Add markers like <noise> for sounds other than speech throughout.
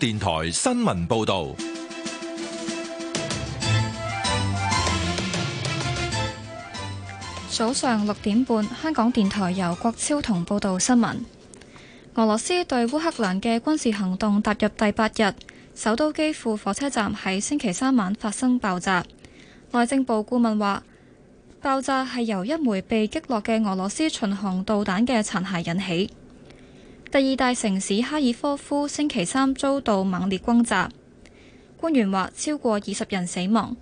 電台新聞報道：早上六點半，香港電台由郭超同報道新聞。俄羅斯對烏克蘭嘅軍事行動踏入第八日，首都基輔火車站喺星期三晚發生爆炸。內政部顧問話，爆炸係由一枚被擊落嘅俄羅斯巡航導彈嘅殘骸引起。第二大城市哈爾科夫星期三遭到猛烈轟炸，官員話超過二十人死亡。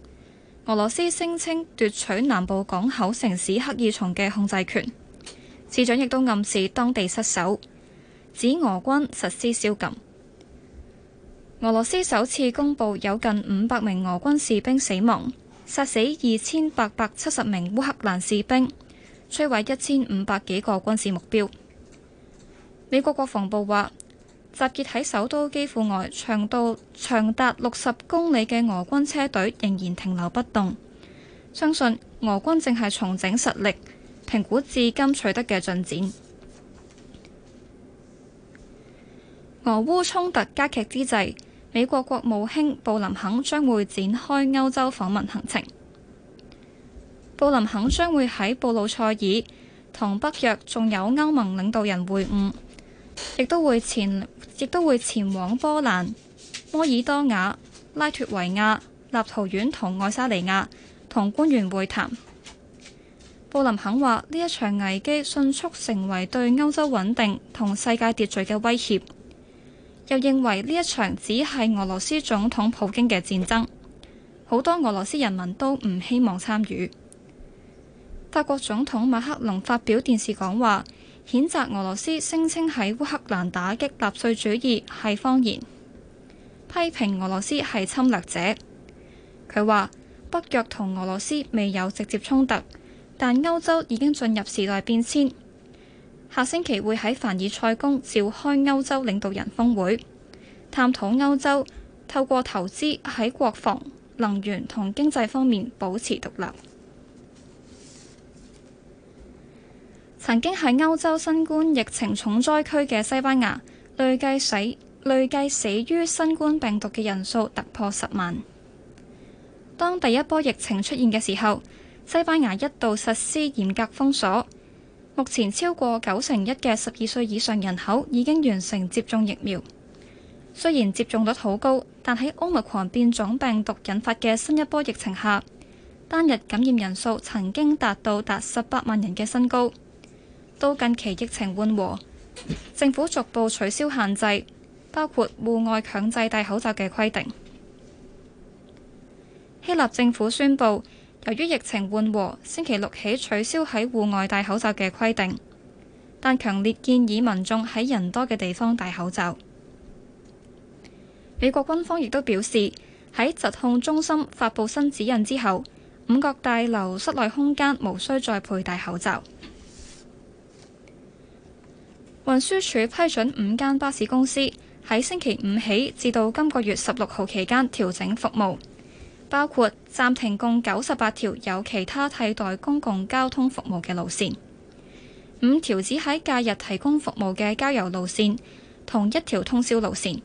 俄羅斯聲稱奪取南部港口城市克爾松嘅控制權，市長亦都暗示當地失守，指俄軍實施宵禁。俄羅斯首次公佈有近五百名俄軍士兵死亡，殺死二千八百七十名烏克蘭士兵，摧毀一千五百幾個軍事目標。美國國防部話，集結喺首都基輔外長到長達六十公里嘅俄軍車隊仍然停留不動。相信俄軍正係重整實力，評估至今取得嘅進展。俄烏衝突加劇之際，美國國務卿布林肯將會展開歐洲訪問行程。布林肯將會喺布魯塞爾同北約，仲有歐盟領導人會晤。亦都會前，亦都會前往波蘭、摩爾多瓦、拉脱維亞、立陶宛同愛沙尼亞同官員會談。布林肯話：呢一場危機迅速成為對歐洲穩定同世界秩序嘅威脅，又認為呢一場只係俄羅斯總統普京嘅戰爭，好多俄羅斯人民都唔希望參與。法國總統馬克龍發表電視講話。譴責俄羅斯聲稱喺烏克蘭打擊納粹主義係謊言，批評俄羅斯係侵略者。佢話北約同俄羅斯未有直接衝突，但歐洲已經進入時代變遷。下星期會喺凡爾賽宮召開歐洲領導人峰會，探討歐洲透過投資喺國防、能源同經濟方面保持獨立。曾經喺歐洲新冠疫情重災區嘅西班牙，累計死累計死於新冠病毒嘅人數突破十萬。當第一波疫情出現嘅時候，西班牙一度實施嚴格封鎖。目前超過九成一嘅十二歲以上人口已經完成接種疫苗。雖然接種率好高，但喺 Omicron 變種病毒引發嘅新一波疫情下，單日感染人數曾經達到達十八萬人嘅新高。都近期疫情緩和，政府逐步取消限制，包括戶外強制戴口罩嘅規定。希臘政府宣布，由於疫情緩和，星期六起取消喺戶外戴口罩嘅規定，但強烈建議民眾喺人多嘅地方戴口罩。美國軍方亦都表示，喺疾控中心發布新指引之後，五角大樓室內空間無需再佩戴口罩。運輸署批准五間巴士公司喺星期五起至到今個月十六號期間調整服務，包括暫停共九十八條有其他替代公共交通服務嘅路線，五條只喺假日提供服務嘅郊遊路線，同一條通宵路線。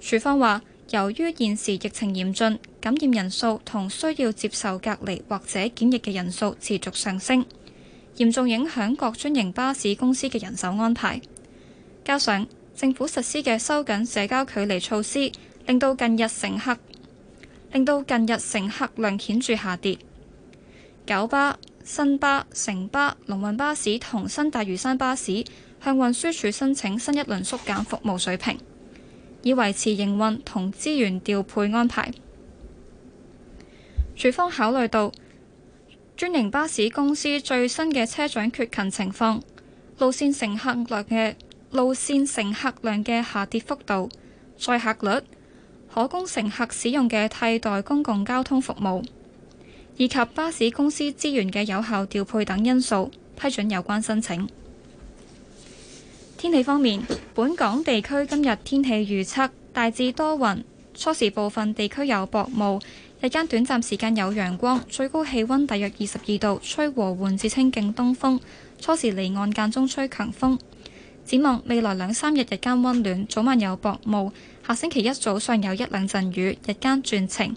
署方話，由於現時疫情嚴峻，感染人數同需要接受隔離或者檢疫嘅人數持續上升。嚴重影響各專營巴士公司嘅人手安排，加上政府實施嘅收緊社交距離措施，令到近日乘客令到近日乘客量顯著下跌。九巴、新巴、城巴、龍運巴士同新大嶼山巴士向運輸署申請新一輪縮減服務水平，以維持營運同資源調配安排。署方考慮到，專營巴士公司最新嘅車長缺勤情況、路線乘客量嘅路線乘客量嘅下跌幅度、載客率、可供乘客使用嘅替代公共交通服務，以及巴士公司資源嘅有效調配等因素，批准有關申請。天氣方面，本港地區今日天氣預測大致多雲，初時部分地區有薄霧。日間短暫時間有陽光，最高氣溫大約二十二度，吹和緩至清勁東風。初時離岸間中吹強風。展望未來兩三日日間溫暖，早晚有薄霧。下星期一早上有一兩陣雨，日間轉晴。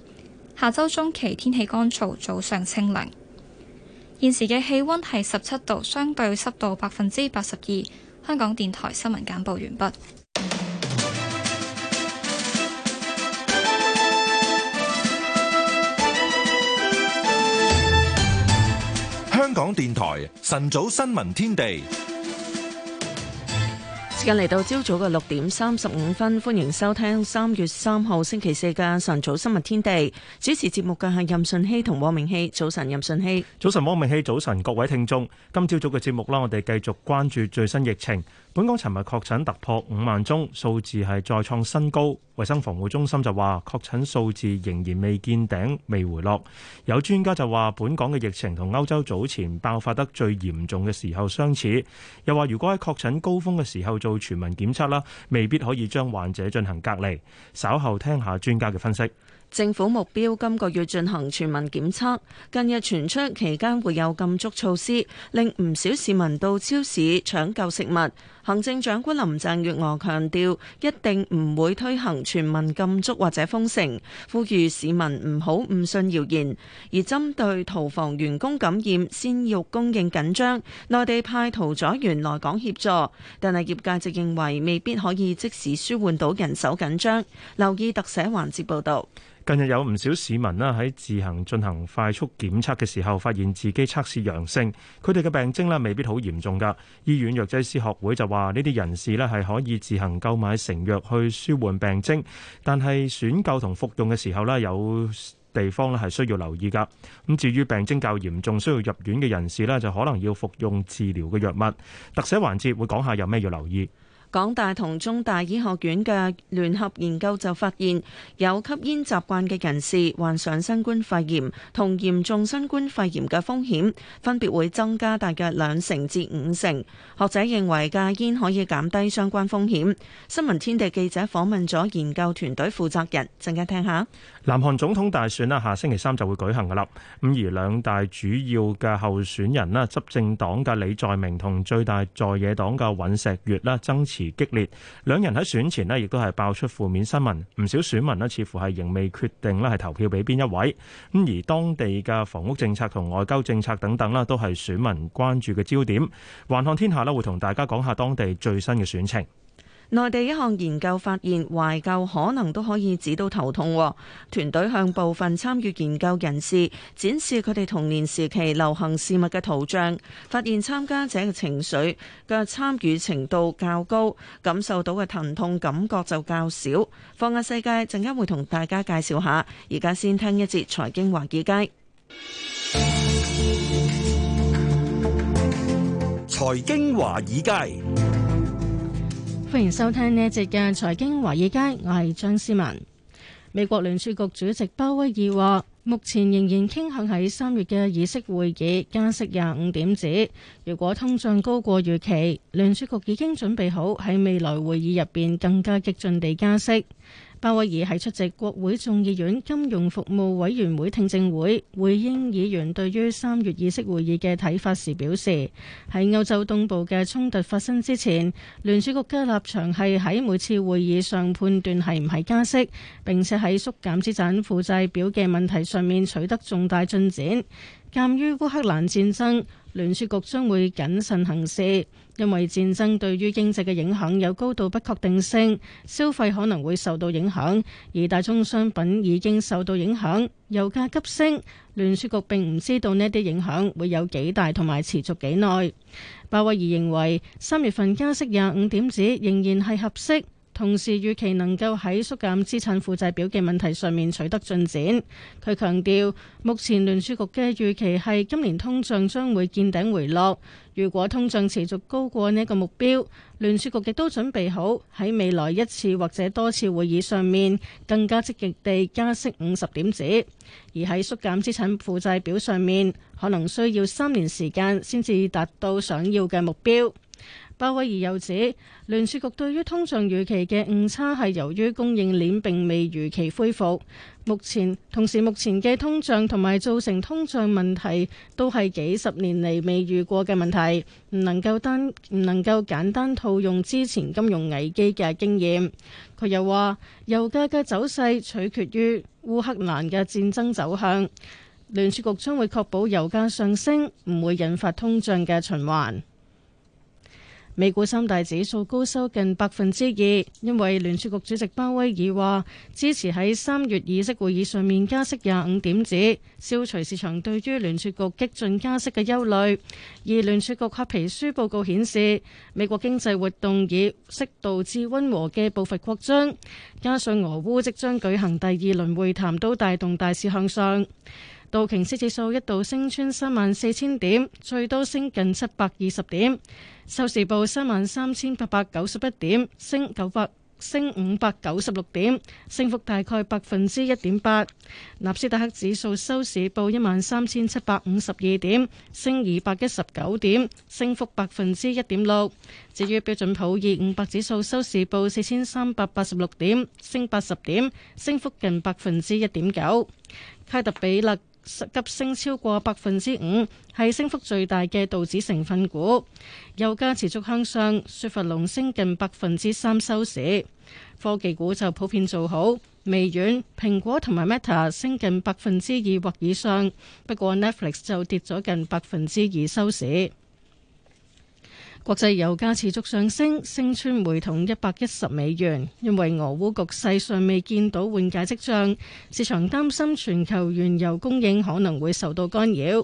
下周中期天氣乾燥，早上清涼。現時嘅氣溫係十七度，相對濕度百分之八十二。香港電台新聞簡報完畢。香港電台晨早新聞天地，時間嚟到朝早嘅六點三十五分，歡迎收聽三月三號星期四嘅晨早新聞天地。主持節目嘅係任順熙同汪明熙。早晨，任順熙。早晨，汪明熙。早晨，各位聽眾，今朝早嘅節目啦，我哋繼續關注最新疫情。本港尋日確診突破五萬宗，數字係再創新高。衛生防護中心就話，確診數字仍然未見頂，未回落。有專家就話，本港嘅疫情同歐洲早前爆發得最嚴重嘅時候相似。又話，如果喺確診高峰嘅時候做全民檢測啦，未必可以將患者進行隔離。稍後聽下專家嘅分析。政府目標今個月進行全民檢測，近日傳出期間會有禁足措施，令唔少市民到超市搶購食物。行政長官林鄭月娥強調，一定唔會推行全民禁足或者封城，呼籲市民唔好誤信謠言。而針對屠房員工感染先要供應緊張，內地派屠宰員來港協助，但係業界就認為未必可以即時舒緩到人手緊張。留意特寫環節報導。近日有唔少市民呢喺自行進行快速檢測嘅時候，發現自己測試陽性，佢哋嘅病徵呢未必好嚴重㗎。醫院藥劑師學會就話，話呢啲人士呢係可以自行購買成藥去舒緩病徵，但係選購同服用嘅時候呢，有地方呢係需要留意㗎。咁至於病徵較嚴重需要入院嘅人士呢，就可能要服用治療嘅藥物。特寫環節會講下有咩要留意。港大同中大醫學院嘅聯合研究就發現，有吸煙習慣嘅人士患上新冠肺炎同嚴重新冠肺炎嘅風險，分別會增加大約兩成至五成。學者認為戒煙可以減低相關風險。新聞天地記者訪問咗研究團隊負責人，陣間聽下。南韓總統大選啦，下星期三就會舉行噶啦。咁而兩大主要嘅候選人啦，執政黨嘅李在明同最大在野黨嘅尹錫悅啦，爭。激烈，兩人喺選前呢亦都係爆出負面新聞，唔少選民呢似乎係仍未決定呢係投票俾邊一位咁。而當地嘅房屋政策同外交政策等等啦都係選民關注嘅焦點，環看天下咧，會同大家講下當地最新嘅選情。內地一項研究發現，懷舊可能都可以指到頭痛。團隊向部分參與研究人士展示佢哋童年時期流行事物嘅圖像，發現參加者嘅情緒、嘅參與程度較高，感受到嘅疼痛感覺就較少。放眼世界，陣間會同大家介紹下。而家先聽一節財經華爾街。財經華爾街。歡迎收聽呢節嘅財經華爾街，我係張思文。美國聯儲局主席鮑威爾話，目前仍然傾向喺三月嘅議息會議加息廿五點子。如果通脹高過預期，聯儲局已經準備好喺未來會議入邊更加激進地加息。鮑威爾喺出席國會眾議院金融服務委員會聽證會，回應議員對於三月議息會議嘅睇法時表示：喺歐洲東部嘅衝突發生之前，聯儲局嘅立場係喺每次會議上判斷係唔係加息，並且喺縮減資產負債表嘅問題上面取得重大進展。鑒於烏克蘭戰爭，聯儲局將會謹慎行事，因為戰爭對於經濟嘅影響有高度不確定性，消費可能會受到影響，而大宗商品已經受到影響，油價急升。聯儲局並唔知道呢啲影響會有幾大同埋持續幾耐。鮑威爾認為三月份加息廿五點子仍然係合適。同時預期能夠喺縮減資產負債表嘅問題上面取得進展。佢強調，目前聯儲局嘅預期係今年通脹將會見頂回落。如果通脹持續高過呢個目標，聯儲局亦都準備好喺未來一次或者多次會議上面更加積極地加息五十點子。而喺縮減資產負債表上面，可能需要三年時間先至達到想要嘅目標。鮑威爾又指，聯儲局對於通脹預期嘅誤差係由於供應鏈並未如期恢復。目前同時，目前嘅通脹同埋造成通脹問題都係幾十年嚟未遇過嘅問題，唔能夠單唔能夠簡單套用之前金融危機嘅經驗。佢又話，油價嘅走勢取決於烏克蘭嘅戰爭走向。聯儲局將會確保油價上升唔會引發通脹嘅循環。美股三大指數高收近百分之二，因為聯儲局主席鮑威爾話支持喺三月議息會議上面加息廿五點子，消除市場對於聯儲局激進加息嘅憂慮。而聯儲局褐皮書報告顯示，美國經濟活動以適度至溫和嘅步伐擴張，加上俄烏即將舉行第二輪會談，都帶動大市向上。道瓊斯指數一度升穿三萬四千點，最多升近七百二十點。收市報三萬三千八百九十一點，升九百升五百九十六點，升幅大概百分之一點八。納斯達克指數收市報一萬三千七百五十二點，升二百一十九點，升幅百分之一點六。至於標準普爾五百指數收市報四千三百八十六點，升八十點，升幅近百分之一點九。卡特比勒。急升超過百分之五，係升幅最大嘅道指成分股。油價持續向上，雪佛龍升近百分之三收市。科技股就普遍做好，微軟、蘋果同埋 Meta 升近百分之二或以上。不過 Netflix 就跌咗近百分之二收市。國際油價持續上升，升穿每桶一百一十美元，因為俄烏局勢尚未見到緩解跡象，市場擔心全球原油供應可能會受到干擾。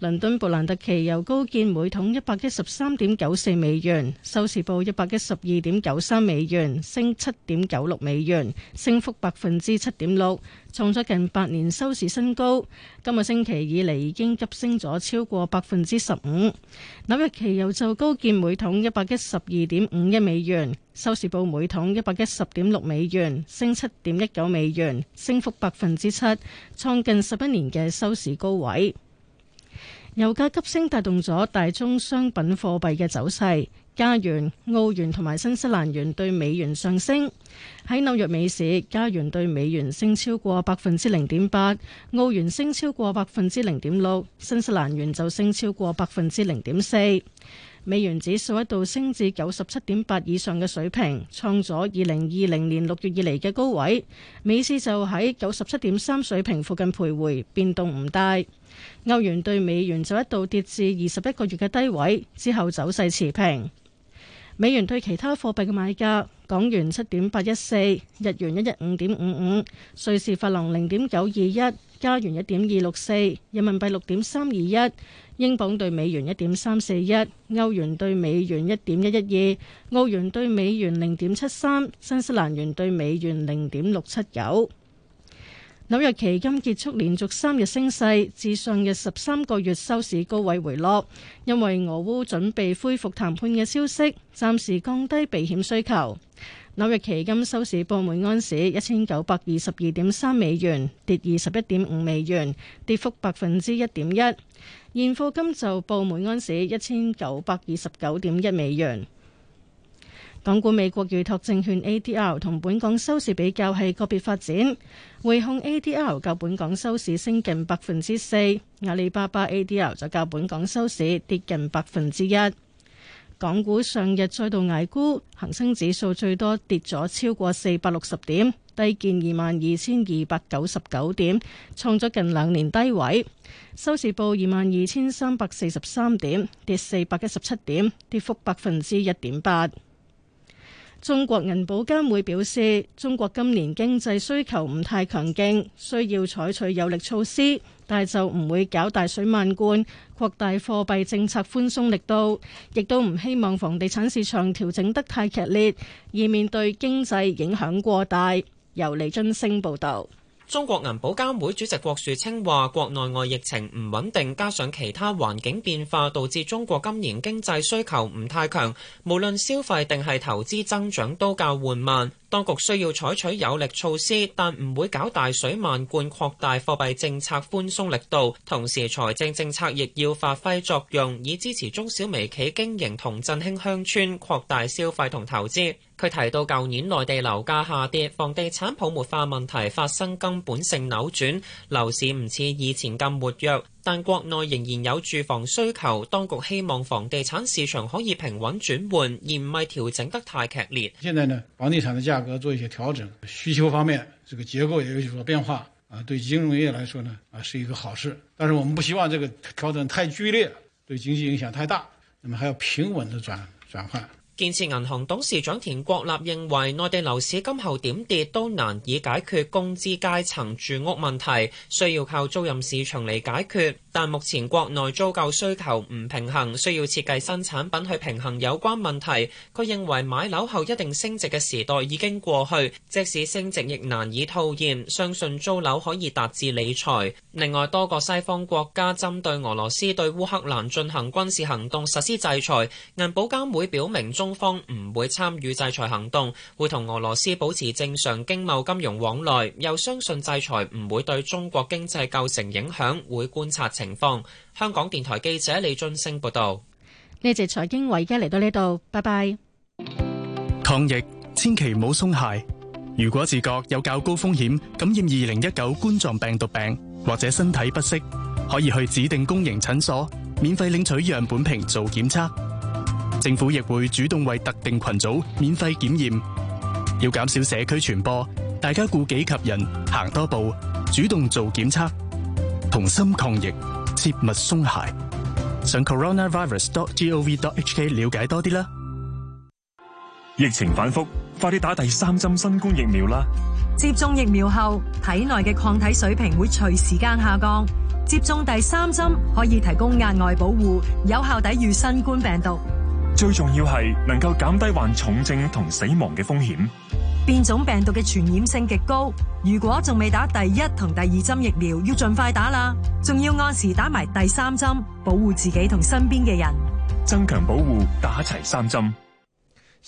倫敦布蘭特期油高見每桶一百一十三點九四美元，收市報一百一十二點九三美元，升七點九六美元，升幅百分之七點六，創咗近八年收市新高。今個星期以嚟，已經急升咗超過百分之十五。紐約期油就高見每桶一百一十二點五一美元，收市報每桶一百一十點六美元，升七點一九美元，升幅百分之七，創近十一年嘅收市高，高，高位。油價急升，帶動咗大宗商品貨幣嘅走勢。加元、澳元同埋新西蘭元對美元上升。喺紐約美市，加元對美元升超過百分之零點八，澳元升超過百分之零點六，新西蘭元就升超過百分之零點四。美元指數一度升至九十七點八以上嘅水平，創咗二零二零年六月以嚟嘅高位。美市就喺九十七點三水平附近徘徊，變動唔大。歐元對美元就一度跌至二十一個月嘅低位，之後走勢持平。美元對其他貨幣嘅買價：港元七點八一四，日元一一五點五五，瑞士法郎零點九二一，加元一點二六四，人民幣六點三二一，英鎊兌美元一點三四一，歐元兌美元一點一一二，澳元兌美元零點七三，新西蘭元兌美元零點六七九。紐約期金結束連續三日升勢，至上日十三個月收市高位回落，因為俄烏準備恢復談判嘅消息，暫時降低避險需求。紐約期金收市報每安士一千九百二十二點三美元，跌二十一點五美元，跌幅百分之一點一。現貨金就報每安士一千九百二十九點一美元。港股美國預託證券 ADR 同本港收市比較係個別發展，匯控 ADR 較本港收市升近百分之四，阿里巴巴 ADR 就較本港收市跌近百分之一。港股上日再度捱沽，恒生指數最多跌咗超過四百六十點，低見二萬二千二百九十九點，創咗近兩年低位。收市報二萬二千三百四十三點，跌四百一十七點，跌幅百分之一點八。中國銀保監會表示，中國今年經濟需求唔太強勁，需要採取有力措施，但就唔會搞大水漫灌，擴大貨幣政策寬鬆力度，亦都唔希望房地產市場調整得太劇烈，以免對經濟影響過大。由李津升報道。中國銀保監會主席郭樹清話，國內外疫情唔穩定，加上其他環境變化，導致中國今年經濟需求唔太強，無論消費定係投資增長都較緩慢。當局需要採取有力措施，但唔會搞大水漫灌，擴大貨幣政策寬鬆力度。同時，財政政策亦要發揮作用，以支持中小微企經營同振興鄉村，擴大消費同投資。佢提到，舊年內地樓價下跌，房地產泡沫化問題發生根本性扭轉，樓市唔似以前咁活躍。但國內仍然有住房需求，當局希望房地產市場可以平穩轉換，而唔係調整得太劇烈。現在呢，房地產的價格做一些調整，需求方面這個結構也有所變化，啊，對金融業來說呢，啊是一個好事。但是我們不希望這個調整太劇烈，對經濟影響太大，那麼還要平穩地轉轉換。建設銀行董事長田國立認為，內地樓市今後點跌都難以解決工資階層住屋問題，需要靠租賃市場嚟解決。但目前國內租購需求唔平衡，需要設計新產品去平衡有關問題。佢認為買樓後一定升值嘅時代已經過去，即使升值亦難以套現，相信租樓可以達至理財。另外，多個西方國家針對俄羅斯對烏克蘭進行軍事行動實施制裁。銀保監會表明中。中方唔會參與制裁行動，會同俄羅斯保持正常經貿金融往來，又相信制裁唔會對中國經濟構成影響，會觀察情況。香港電台記者李俊升報道。呢節財經圍咧嚟到呢度，拜拜。抗疫千祈唔好鬆懈，如果自覺有較高風險感染二零一九冠狀病毒病，或者身體不適，可以去指定公營診所免費領取樣本瓶做檢測。政府亦會主動為特定群組免費檢驗，要減少社區傳播，大家顧己及人，行多步，主動做檢測，同心抗疫，切勿鬆懈。上 coronavirus.gov.hk 了解多啲啦。疫情反復，快啲打第三針新冠疫苗啦。接種疫苗後，體內嘅抗體水平會隨時間下降，接種第三針可以提供額外保護，有效抵禦新冠病毒。最重要係能夠減低患重症同死亡嘅風險。變種病毒嘅傳染性極高，如果仲未打第一同第二針疫苗，要盡快打啦。仲要按時打埋第三針，保護自己同身邊嘅人。增強保護，打齊三針。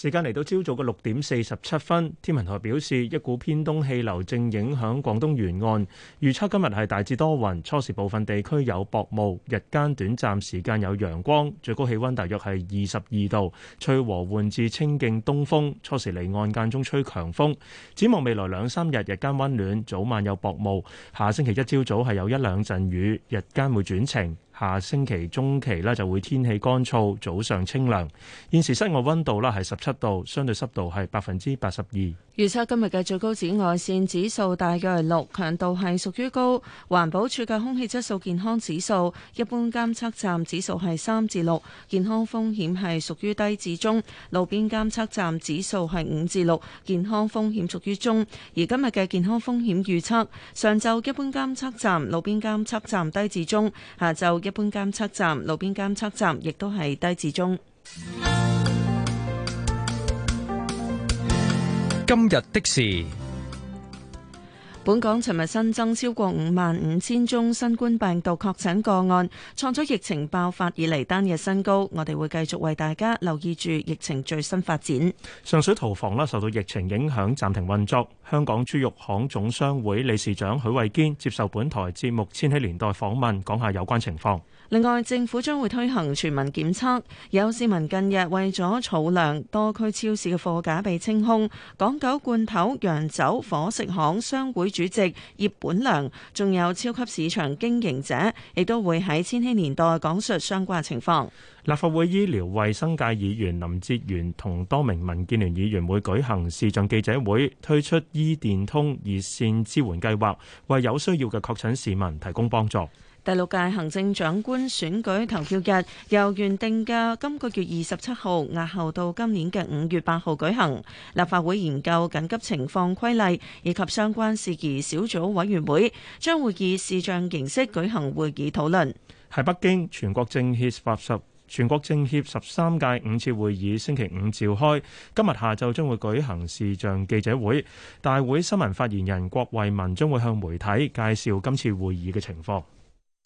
時間嚟到朝早嘅六點四十七分，天文台表示一股偏東氣流正影響廣東沿岸，預測今日係大致多雲，初時部分地區有薄霧，日間短暫時間有陽光，最高氣溫大約係二十二度，吹和緩至清勁東風，初時離岸間中吹強風。展望未來兩三日，日間溫暖，早晚有薄霧，下星期一朝早係有一兩陣雨，日間會轉晴。下星期中期咧，就會天氣乾燥，早上清涼。現時室外溫度咧，係十七度，相對濕度係百分之八十二。預測今日嘅最高紫外線指數大約係六，強度係屬於高。環保署嘅空氣質素健康指數，一般監測站指數係三至六，健康風險係屬於低至中；路邊監測站指數係五至六，健康風險屬於中。而今日嘅健康風險預測，上晝一般監測站、路邊監測站低至中；下晝一般監測站、路邊監測站亦都係低至中。今日的事，本港尋日新增超過五萬五千宗新冠病毒確診個案，創咗疫情爆發以嚟單日新高。我哋會繼續為大家留意住疫情最新發展。上水屠房咧受到疫情影響暫停運作。香港豬肉行總商會理事長許偉堅接受本台節目《千禧年代》訪問，講下有關情況。另外，政府將會推行全民檢測，有市民近日為咗儲糧，多區超市嘅貨架被清空。港九罐頭洋酒、伙食行商會主席葉本良，仲有超級市場經營者，亦都會喺千禧年代講述相關情況。立法會醫療衛生界議員林哲源同多名民建聯議員會舉行視像記者會推出醫電通熱線支援計劃，為有需要嘅確診市民提供幫助。第六屆行政長官選舉投票日由原定嘅今個月二十七號押後到今年嘅五月八號舉行。立法會研究緊急情況規例以及相關事宜小組委員會將會以視像形式舉行會議討論。喺北京，全國政協十全國政協十三屆五次會議星期五召開，今日下晝將會舉行視像記者會。大會新聞發言人郭衛民將會向媒體介紹今次會議嘅情況。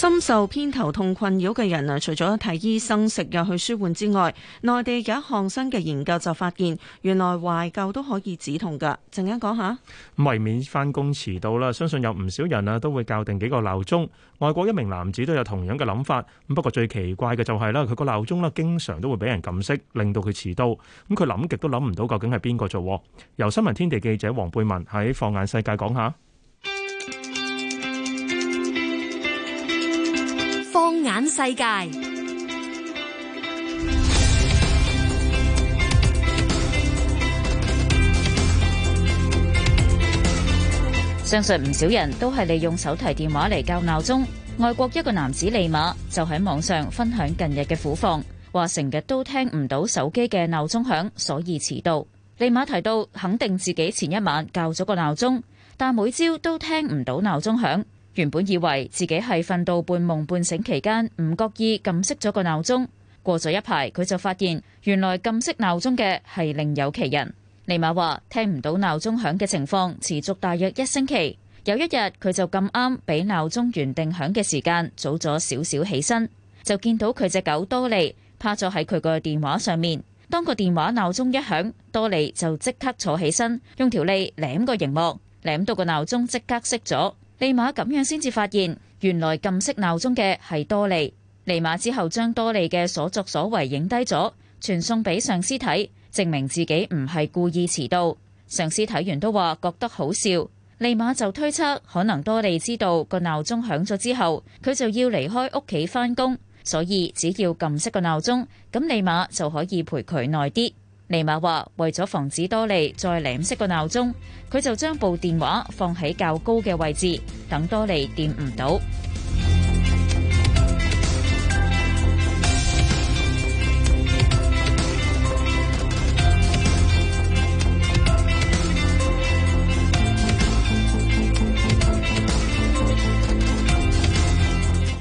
深受偏頭痛困擾嘅人啊，除咗睇醫生、食藥去舒緩之外，內地有一項新嘅研究就發現，原來懷舊都可以止痛噶，陣間講下。咁為免翻工遲到啦，相信有唔少人啊都會校定幾個鬧鐘。外國一名男子都有同樣嘅諗法，咁不過最奇怪嘅就係啦，佢個鬧鐘啦經常都會俾人撳熄，令到佢遲到。咁佢諗極都諗唔到究竟係邊個做。由新聞天地記者黃貝文喺放眼世界講下。眼世界，相信唔少人都係利用手提電話嚟校鬧鐘。外國一個男子利馬就喺網上分享近日嘅苦況，話成日都聽唔到手機嘅鬧鐘響，所以遲到。利馬提到，肯定自己前一晚校咗個鬧鐘，但每朝都聽唔到鬧鐘響。原本以為自己係瞓到半夢半醒期間，唔覺意撳熄咗個鬧鐘。過咗一排，佢就發現原來撳熄鬧鐘嘅係另有其人。尼瑪話：聽唔到鬧鐘響嘅情況持續大約一星期。有一日佢就咁啱俾鬧鐘原定響嘅時間早咗少少起身，就見到佢隻狗多利趴咗喺佢個電話上面。當個電話鬧鐘一響，多利就即刻坐起身，用條脷舐個熒幕，舐到個鬧鐘即刻熄咗。利馬咁樣先至發現，原來撳熄鬧鐘嘅係多利。利馬之後將多利嘅所作所為影低咗，傳送俾上司睇，證明自己唔係故意遲到。上司睇完都話覺得好笑，利馬就推測可能多利知道個鬧鐘響咗之後，佢就要離開屋企返工，所以只要撳熄個鬧鐘，咁利馬就可以陪佢耐啲。尼瑪話：為咗防止多利再舐熄個鬧鐘，佢就將部電話放喺較高嘅位置，等多利掂唔到。 <music>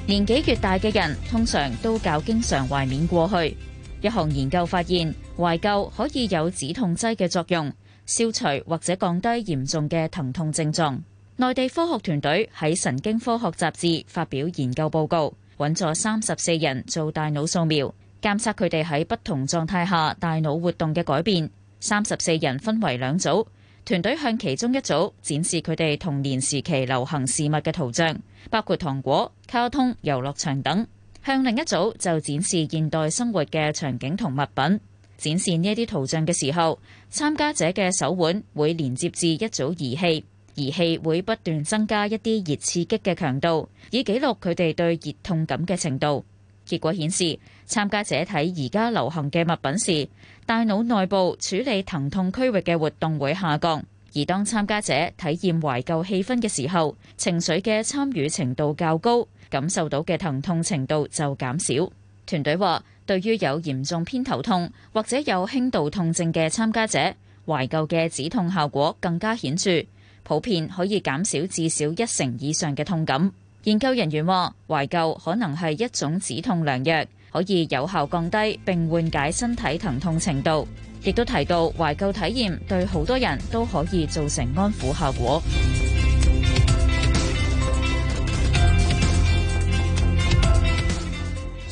年紀越大嘅人，通常都較經常懷緬過去。一項研究發現，懷舊可以有止痛劑嘅作用，消除或者降低嚴重嘅疼痛症狀。內地科學團隊喺《神經科學雜誌》發表研究報告，搵咗三十四人做大腦掃描，監測佢哋喺不同狀態下大腦活動嘅改變。三十四人分為兩組，團隊向其中一組展示佢哋童年時期流行事物嘅圖像，包括糖果、卡通、遊樂場等；向另一組就展示現代生活嘅場景同物品。展示呢一啲圖像嘅時候，參加者嘅手腕會連接至一組儀器，儀器會不斷增加一啲熱刺激嘅強度，以記錄佢哋對熱痛感嘅程度。結果顯示，參加者睇而家流行嘅物品時，大腦內部處理疼痛區域嘅活動會下降；而當參加者體驗懷舊氣氛嘅時候，情緒嘅參與程度較高，感受到嘅疼痛程度就減少。團隊話。對於有嚴重偏頭痛，或者有輕度痛症嘅參加者，懷舊嘅止痛效果更加顯著，普遍可以減少至少一成以上嘅痛感。研究人員話，懷舊可能係一種止痛良藥，可以有效降低並緩解身體疼痛程度。亦都提到，懷舊體驗對好多人都可以造成安撫效果。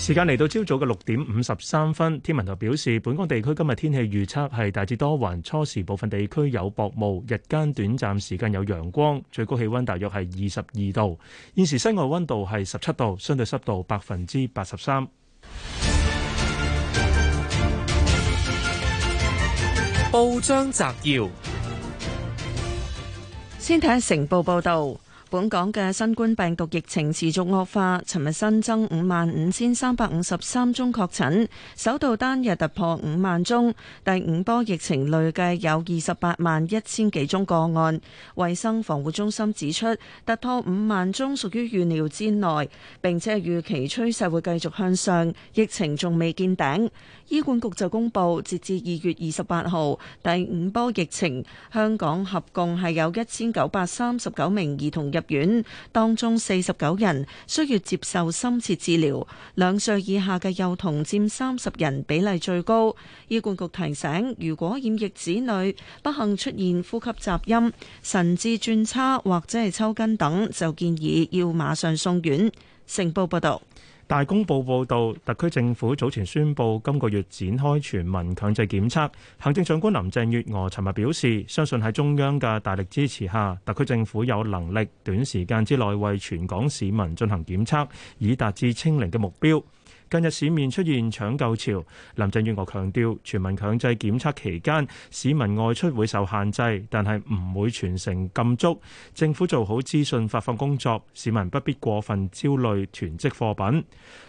時間嚟到朝早嘅六點五十三分，天文台表示，本港地區今日天氣預測係大致多雲，初時部分地區有薄霧，日間短暫時間有陽光，最高氣溫大約係二十二度。現時室外溫度係十七度，相對濕度百分之八十三。報章摘要：先睇下《成報》報道。本港嘅新冠病毒疫情持續惡化，尋日新增五萬五千三百五十三宗確診，首度單日突破五萬宗。第五波疫情累計有二十八萬一千幾宗個案。衛生防護中心指出，突破五萬宗屬於預料之內，並且係預期趨勢會繼續向上，疫情仲未見頂。醫管局就公布，截至二月二十八號，第五波疫情，香港合共係有一千九百三十九名兒童入院，當中四十九人需要接受深切治療，兩歲以下嘅幼童佔三十人，比例最高。醫管局提醒，如果染疫子女不幸出現呼吸雜音、神志轉差或者係抽筋等，就建議要馬上送院。成報報道。大公報報導，特區政府早前宣布今個月展開全民強制檢測。行政長官林鄭月娥尋日表示，相信喺中央嘅大力支持下，特區政府有能力短時間之內為全港市民進行檢測，以達至清零嘅目標。近日市面出現搶購潮，林鄭月娥強調，全民強制檢測期間，市民外出會受限制，但係唔會全城禁足。政府做好資訊發放工作，市民不必過分焦慮囤積貨品。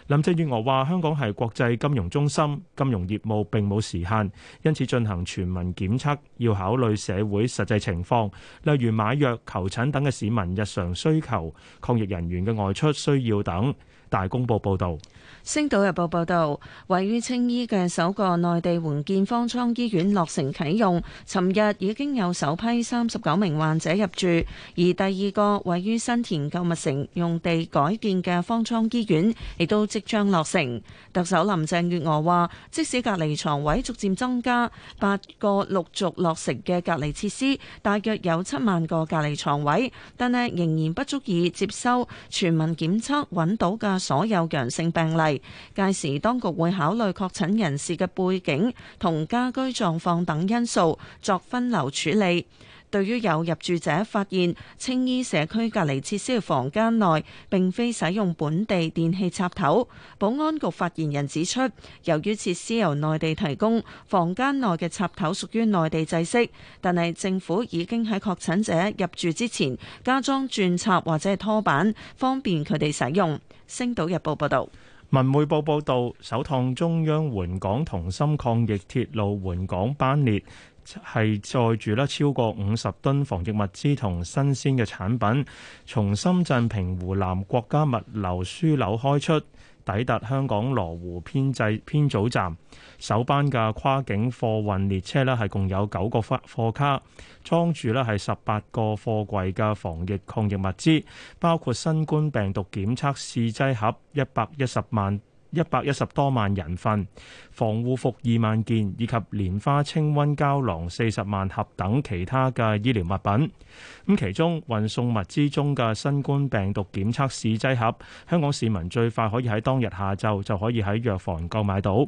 林鄭月娥話，香港係國際金融中心，金融業務並冇時限，因此進行全民檢測，要考慮社會實際情況，例如買藥、求診等嘅市民日常需求，抗疫人員嘅外出需要等。大公報報導，《星島日報》報導，位於青衣嘅首個內地援建方艙醫院落成啟用，尋日已經有首批三十九名患者入住。而第二個位於新田購物城用地改建嘅方艙醫院，亦都即將落成。特首林鄭月娥話：即使隔離床位逐漸增加，八個陸續落成嘅隔離設施，大約有七萬個隔離床位，但係仍然不足以接收全民檢測揾到嘅所有陽性病例，屆時當局會考慮確診人士嘅背景同家居狀況等因素作分流處理。對於有入住者發現青衣社區隔離設施嘅房間內并非使用本地電器插頭，保安局發言人指出，由於設施由內地提供，房間內嘅插頭屬於內地制式，但係政府已經喺確診者入住之前加裝轉插或者係拖板，方便佢哋使用。星島日報報道，文匯報報道，首趟中央援港同心抗疫鐵路援港班列係載住咧超過五十噸防疫物資同新鮮嘅產品，從深圳平湖南國家物流樞紐開出。抵達香港羅湖編制編組站，首班嘅跨境貨運列車呢係共有九個貨卡，裝住呢係十八個貨櫃嘅防疫抗疫物資，包括新冠病毒檢測試劑盒一百一十萬。一百一十多萬人份，防護服二萬件，以及蓮花清瘟膠囊四十萬盒等其他嘅醫療物品。咁其中運送物資中嘅新冠病毒檢測試劑盒，香港市民最快可以喺當日下晝就可以喺藥房購買到。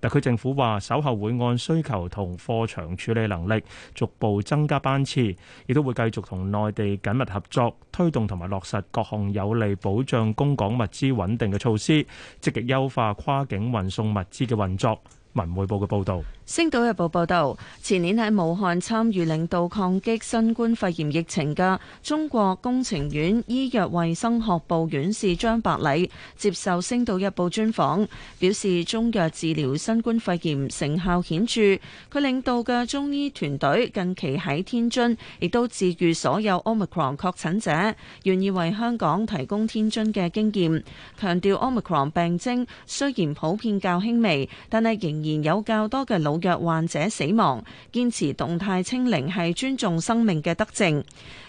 特區政府話，稍後會按需求同貨場處理能力，逐步增加班次，亦都會繼續同內地緊密合作，推動同埋落實各項有利保障供港物資穩定嘅措施，積極優化跨境運送物資嘅運作。文匯報嘅報導。《星島日報》報導，前年喺武漢參與領導抗擊新冠肺炎疫情嘅中國工程院醫藥衛生學部院士張伯禮接受《星島日報》專訪，表示中藥治療新冠肺炎成效顯著。佢領導嘅中醫團隊近期喺天津亦都治愈所有 Omicron 確診者，願意為香港提供天津嘅經驗。強調 Omicron 病徵雖然普遍較輕微，但係仍然有較多嘅老若患者死亡，堅持動態清零係尊重生命嘅德政。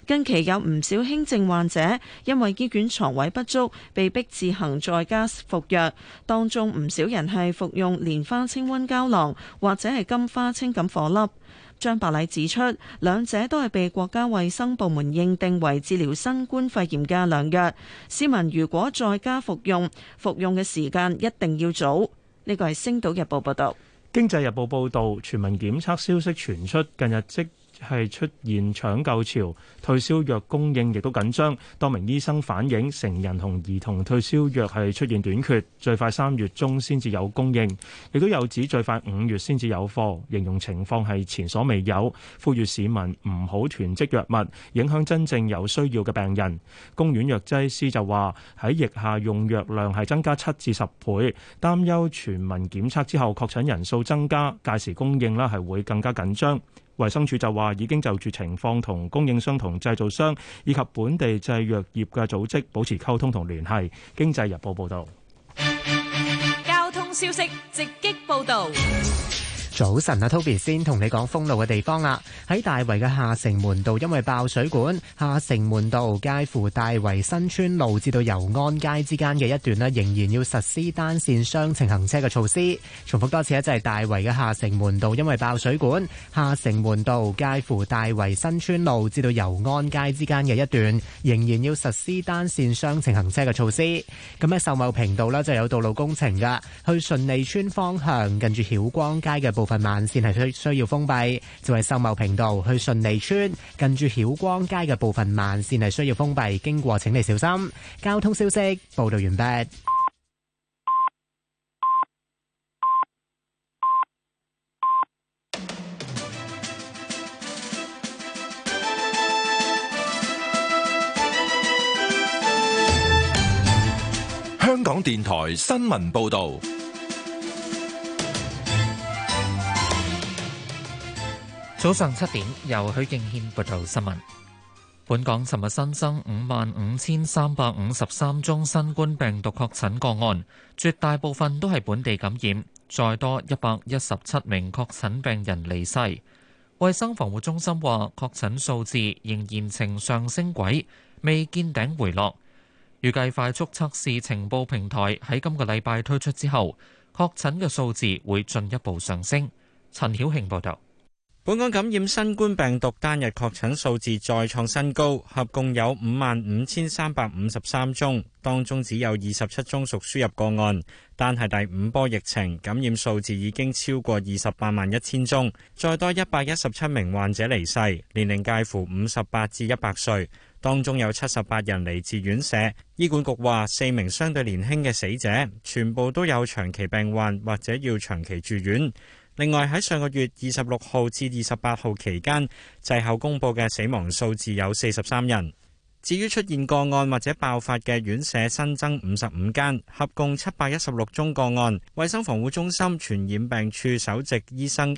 近期有唔少輕症患者因為醫院床位不足，被迫自行在家服藥，當中唔少人係服用蓮花清瘟膠囊或者係金花清感顆粒。張伯禮指出，兩者都係被國家衛生部門認定為治療新冠肺炎嘅良藥。市民如果在家服用，服用嘅時間一定要早。呢個係《星島日報》報道。經濟日報報導，全民檢測消息傳出，近日即係出現搶救潮，退燒藥供應亦都緊張。多名醫生反映，成人同兒童退燒藥係出現短缺，最快三月中先至有供應，亦都有指最快五月先至有貨，形容情況係前所未有。呼籲市民唔好囤積藥物，影響真正有需要嘅病人。公院藥劑師就話：喺疫下用藥量係增加七至十倍，擔憂全民檢測之後確診人數增加，屆時供應呢係會更加緊張。衛生署就話，已經就住情況同供應商、同製造商以及本地製藥業嘅組織保持溝通同聯繫。經濟日報報道。交通消息直擊報道。早晨啊，Toby 先同你講封路嘅地方啦。喺大圍嘅下城門道，因為爆水管，下城門道介乎大圍新村路至到油安街之間嘅一段咧，仍然要實施單線雙程行車嘅措施。重複多次咧，就係大圍嘅下城門道，因為爆水管，下城門道介乎大圍新村路至到油安街之間嘅一段，仍然要實施單線雙程行車嘅措施。咁喺、就是、秀茂坪道咧就有道路工程噶，去順利村方向近住曉光街嘅。部分慢線係需需要封閉，就係秀茂坪道去順利村近住曉光街嘅部分慢線係需要封閉，經過請你小心。交通消息報道完畢。香港電台新聞報道。早上七點，由許敬軒報道新聞。本港尋日新增五萬五千三百五十三宗新冠病毒確診個案，絕大部分都係本地感染。再多一百一十七名確診病人離世。衛生防護中心話，確診數字仍然呈上升軌，未見頂回落。預計快速測試情報平台喺今個禮拜推出之後，確診嘅數字會進一步上升。陳曉慶報道。本港感染新冠病毒單日確診數字再創新高，合共有五萬五千三百五十三宗，當中只有二十七宗屬輸入個案。但係第五波疫情感染數字已經超過二十八萬一千宗，再多一百一十七名患者離世，年齡介乎五十八至一百歲，當中有七十八人嚟自院舍。醫管局話，四名相對年輕嘅死者全部都有長期病患或者要長期住院。另外喺上個月二十六號至二十八號期間，滯後公佈嘅死亡數字有四十三人。至於出現個案或者爆發嘅院舍新增五十五間，合共七百一十六宗個案，衛生防護中心，傳染病處，首席，醫生，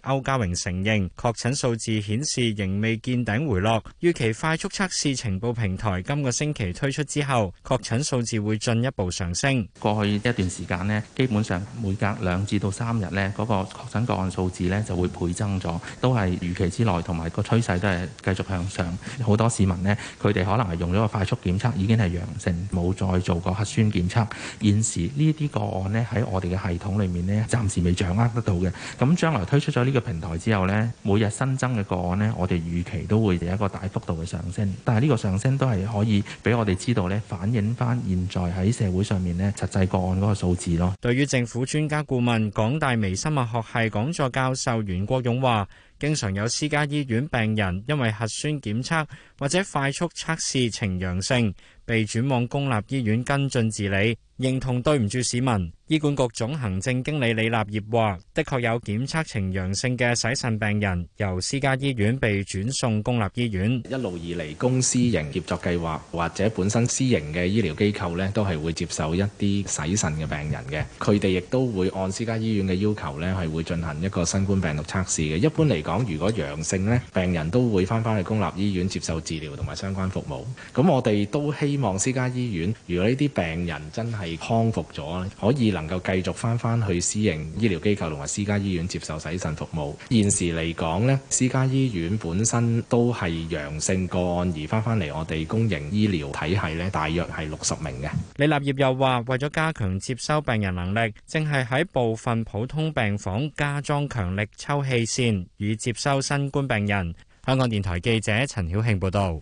咗個快速檢測已經係陽性，冇再做過核酸檢測。現時呢啲個案呢喺我哋嘅系統裏面呢，暫時未掌握得到嘅。咁將來推出咗呢個平台之後呢，每日新增嘅個案呢，我哋預期都會有一個大幅度嘅上升。但係呢個上升都係可以俾我哋知道呢，反映翻現在喺社會上面呢，實際個案嗰個數字咯。對於政府專家顧問、港大微生物學系講座教授袁國勇話。經常有私家醫院病人因為核酸檢測或者快速測試呈陽性，被轉往公立醫院跟進治理。認同對唔住市民，醫管局總行政經理李立業話，的確有檢測呈陽性嘅洗腎病人由私家醫院被轉送公立醫院。一路以嚟，公私營協作計劃或者本身私營嘅醫療機構呢，都係會接受一啲洗腎嘅病人嘅。佢哋亦都會按私家醫院嘅要求呢，係會進行一個新冠病毒測試嘅。一般嚟講，如果陽性呢，病人都會翻翻去公立醫院接受治療同埋相關服務。咁我哋都希望私家醫院，如果呢啲病人真係，係康復咗，可以能夠繼續翻翻去私營醫療機構同埋私家醫院接受洗腎服務。現時嚟講呢，私家醫院本身都係陽性個案而翻翻嚟我哋公營醫療體系呢，大約係六十名嘅。李立業又話：為咗加強接收病人能力，正係喺部分普通病房加裝強力抽氣扇，以接收新冠病人。香港電台記者陳曉慶報道。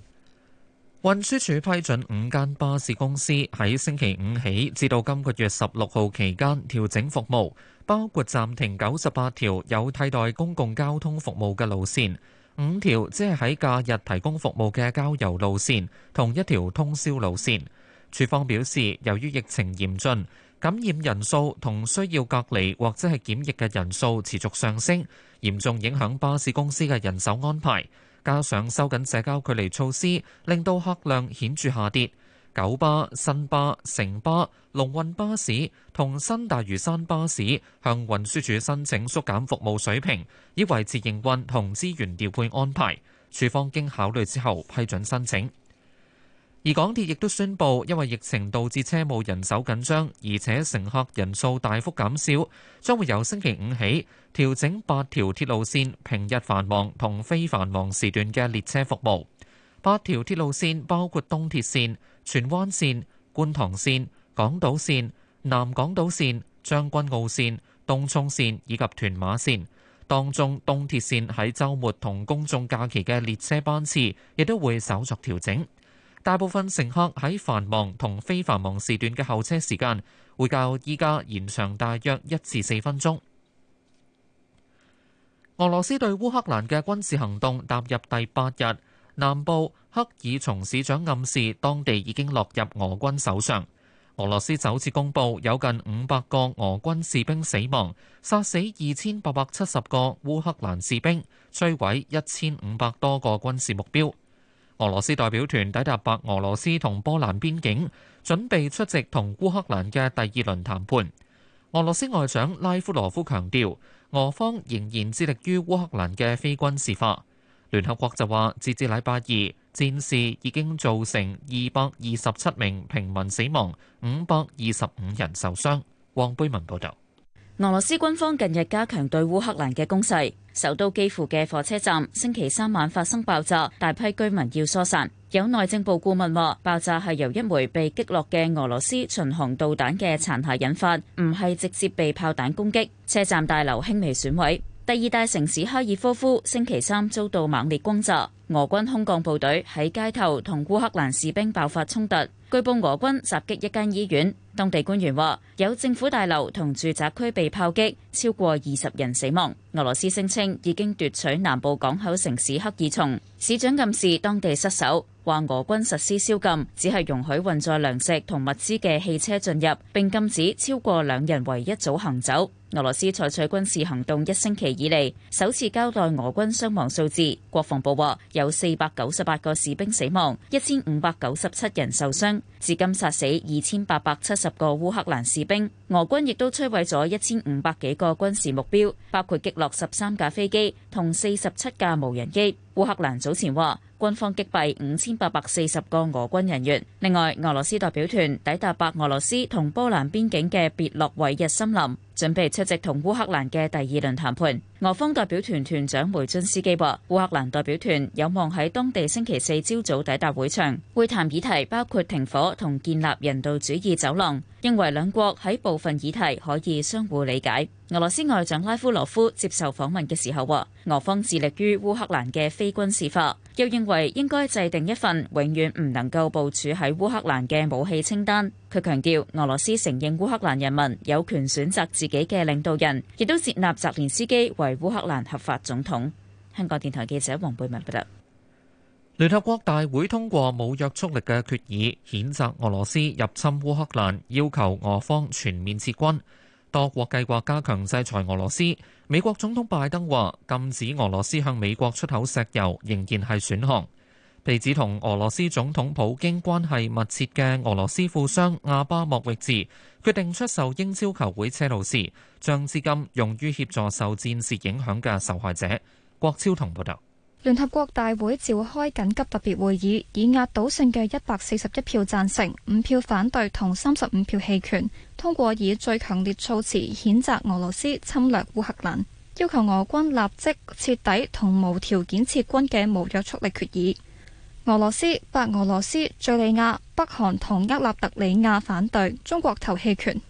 運輸署批准五間巴士公司喺星期五起至到今個月十六號期間調整服務，包括暫停九十八條有替代公共交通服務嘅路線，五條即係喺假日提供服務嘅郊遊路線，同一條通宵路線。署方表示，由於疫情嚴峻，感染人數同需要隔離或者係檢疫嘅人數持續上升，嚴重影響巴士公司嘅人手安排。加上收緊社交距離措施，令到客量顯著下跌。九巴、新巴、城巴、龍運巴士同新大嶼山巴士向運輸署申請縮減服務水平，以維持營運同資源調配安排。署方經考慮之後，批准申請。而港鐵亦都宣布，因為疫情導致車務人手緊張，而且乘客人數大幅減少，將會由星期五起調整八條鐵路線平日繁忙同非繁忙時段嘅列車服務。八條鐵路線包括東鐵線、荃灣線、觀塘線、港島線、南港島線、將軍澳線、東涌線以及屯馬線，當中東鐵線喺周末同公眾假期嘅列車班次亦都會稍作調整。大部分乘客喺繁忙同非繁忙時段嘅候車時間，會較依家延長大約一至四分鐘。俄羅斯對烏克蘭嘅軍事行動踏入第八日，南部克爾松市長暗示當地已經落入俄軍手上。俄羅斯首次公布有近五百個俄軍士兵死亡，殺死二千八百七十個烏克蘭士兵，摧毀一千五百多個軍事目標。俄羅斯代表團抵達白俄羅斯同波蘭邊境，準備出席同烏克蘭嘅第二輪談判。俄羅斯外長拉夫羅夫強調，俄方仍然致力於烏克蘭嘅非軍事化。聯合國就話，截至禮拜二，戰事已經造成二百二十七名平民死亡，五百二十五人受傷。黃貝文報道。俄羅斯軍方近日加強對烏克蘭嘅攻勢，首都基輔嘅火車站星期三晚發生爆炸，大批居民要疏散。有內政部顧問話，爆炸係由一枚被擊落嘅俄羅斯巡航導彈嘅殘骸引發，唔係直接被炮彈攻擊。車站大樓輕微損毀。第二大城市哈爾科夫星期三遭到猛烈轟炸，俄軍空降部隊喺街頭同烏克蘭士兵爆發衝突，據報俄軍襲擊一間醫院。當地官員話有政府大樓同住宅區被炮擊，超過二十人死亡。俄羅斯聲稱已經奪取南部港口城市赫爾松，市長暗示當地失守，話俄軍實施宵禁，只係容許運載糧食同物資嘅汽車進入，並禁止超過兩人為一組行走。俄羅斯採取軍事行動一星期以嚟，首次交代俄軍傷亡數字。國防部話有四百九十八個士兵死亡，一千五百九十七人受傷，至今殺死二千八百七十十個烏克蘭士兵，俄軍亦都摧毀咗一千五百幾個軍事目標，包括擊落十三架飛機同四十七架無人機。烏克蘭早前話，軍方擊斃五千八百四十個俄軍人員。另外，俄羅斯代表團抵達白俄羅斯同波蘭邊境嘅別洛維日森林。準備出席同烏克蘭嘅第二輪談判。俄方代表團團長梅津斯基話：烏克蘭代表團有望喺當地星期四朝早抵達會場。會談議題包括停火同建立人道主義走廊。認為兩國喺部分議題可以相互理解。俄羅斯外長拉夫羅夫接受訪問嘅時候話：俄方致力於烏克蘭嘅非軍事化，又認為應該制定一份永遠唔能夠部署喺烏克蘭嘅武器清單。佢強調俄羅斯承認烏克蘭人民有權選擇自。自己嘅領導人，亦都接納澤連斯基為烏克蘭合法總統。香港電台記者黃貝文報道，聯合國大會通過冇約束力嘅決議，譴責俄羅斯入侵烏克蘭，要求俄方全面撤軍。多國計劃加強制裁俄羅斯。美國總統拜登話：禁止俄羅斯向美國出口石油仍然係選項。被指同俄羅斯總統普京關係密切嘅俄羅斯富商亞巴莫域治決定出售英超球會車路士，將資金用於協助受戰事影響嘅受害者。郭超同報道。聯合國大會召開緊急特別會議，以壓倒性嘅一百四十一票贊成、五票反對同三十五票棄權，通過以最強烈措辭譴責俄羅斯侵略烏克蘭，要求俄軍立即徹底同無條件撤軍嘅無約束力決議。俄羅斯、白俄羅斯、敘利亞、北韓同厄立特里亞反對，中國投棄權。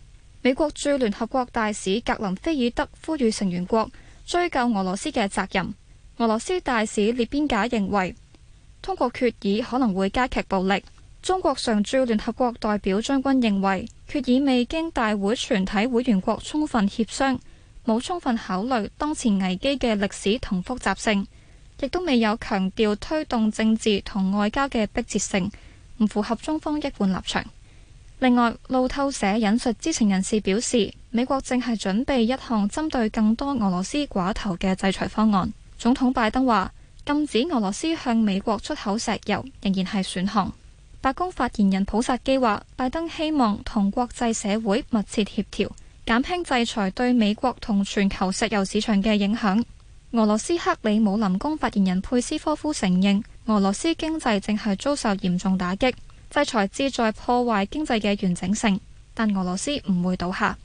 美國駐聯合國大使格林菲爾德呼籲成員國追究俄羅斯嘅責任。俄羅斯大使列邊賈認為，通過決議可能會加劇暴力。中國常駐聯合國代表張軍認為，決議未經大會全體會員國充分協商，冇充分考慮當前危機嘅歷史同複雜性。亦都未有強調推動政治同外交嘅迫切性，唔符合中方一貫立場。另外，路透社引述知情人士表示，美國正係準備一項針對更多俄羅斯寡頭嘅制裁方案。總統拜登話：禁止俄羅斯向美國出口石油仍然係選項。白宮發言人普薩基話：拜登希望同國際社會密切協調，減輕制裁對美國同全球石油市場嘅影響。俄羅斯克里姆林宮發言人佩斯科夫承認，俄羅斯經濟正係遭受嚴重打擊，制裁旨在破壞經濟嘅完整性，但俄羅斯唔會倒下。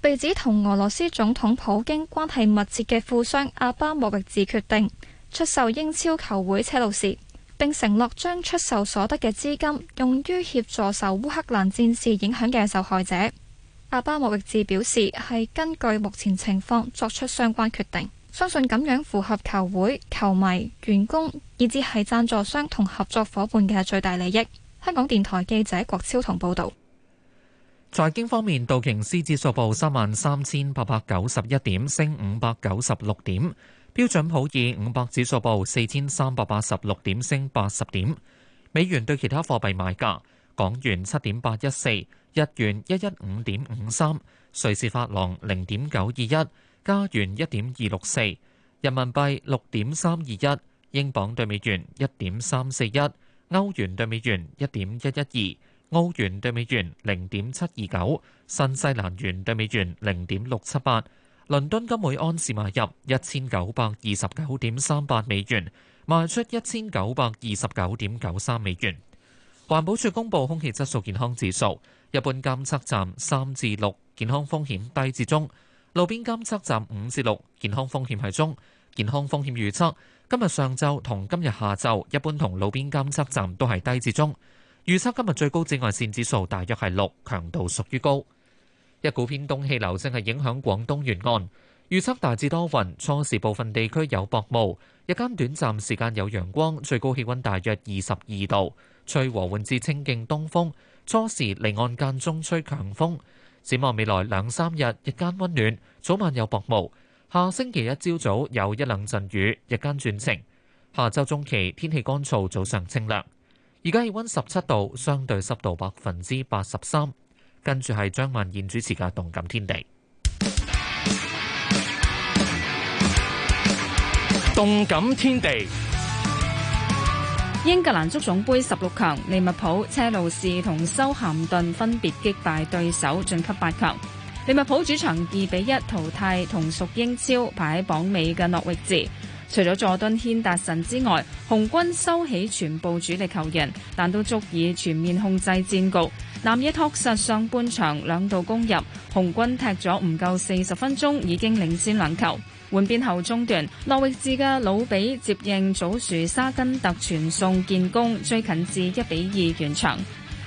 被指同俄羅斯總統普京關係密切嘅富商阿巴莫域治決定出售英超球會車路士，並承諾將出售所得嘅資金用於協助受烏克蘭戰事影響嘅受害者。阿巴莫域治表示，係根據目前情況作出相關決定。相信咁樣符合球會、球迷、員工以至係贊助商同合作伙伴嘅最大利益。香港電台記者郭超彤報導。財經方面，道瓊斯指數報三萬三千八百九十一點，升五百九十六點；標準普爾五百指數報四千三百八十六點，升八十點。美元對其他貨幣買價：港元七點八一四，日元一一五點五三，瑞士法郎零點九二一。加元一點二六四，人民幣六點三二一，英鎊兌美元一點三四一，歐元兌美元一點一一二，澳元兌美元零點七二九，新西蘭元兌美元零點六七八，倫敦金每安士買入一千九百二十九點三八美元，賣出一千九百二十九點九三美元。環保署公布空氣質素健康指數，一般監測站三至六，健康風險低至中。路邊監測站五至六，健康風險係中。健康風險預測今日上晝同今日下晝，一般同路邊監測站都係低至中。預測今日最高紫外線指數大約係六，強度屬於高。一股偏東氣流正係影響廣東沿岸，預測大致多雲，初時部分地區有薄霧，日間短暫時間有陽光，最高氣溫大約二十二度，吹和緩至清勁東風，初時離岸間中吹強風。展望未來兩三日，日間溫暖，早晚有薄霧。下星期一朝早，早有一兩陣雨，日間轉晴。下周中期天氣乾燥，早上清涼。而家氣溫十七度，相對濕度百分之八十三。跟住係張文燕主持嘅《動感天地》。《動感天地》。英格蘭足總盃十六強，利物浦、車路士同修咸頓分別擊敗對手晉級八強。利物浦主場二比一淘汰同屬英超排喺榜尾嘅諾域治。除咗佐敦軒達臣之外，紅軍收起全部主力球員，但都足以全面控制戰局。南野拓實上半場兩度攻入，紅軍踢咗唔夠四十分鐘已經領先兩球。換邊後中段，諾域治嘅魯比接應祖樹沙根特傳送建功，追近至一比二完場。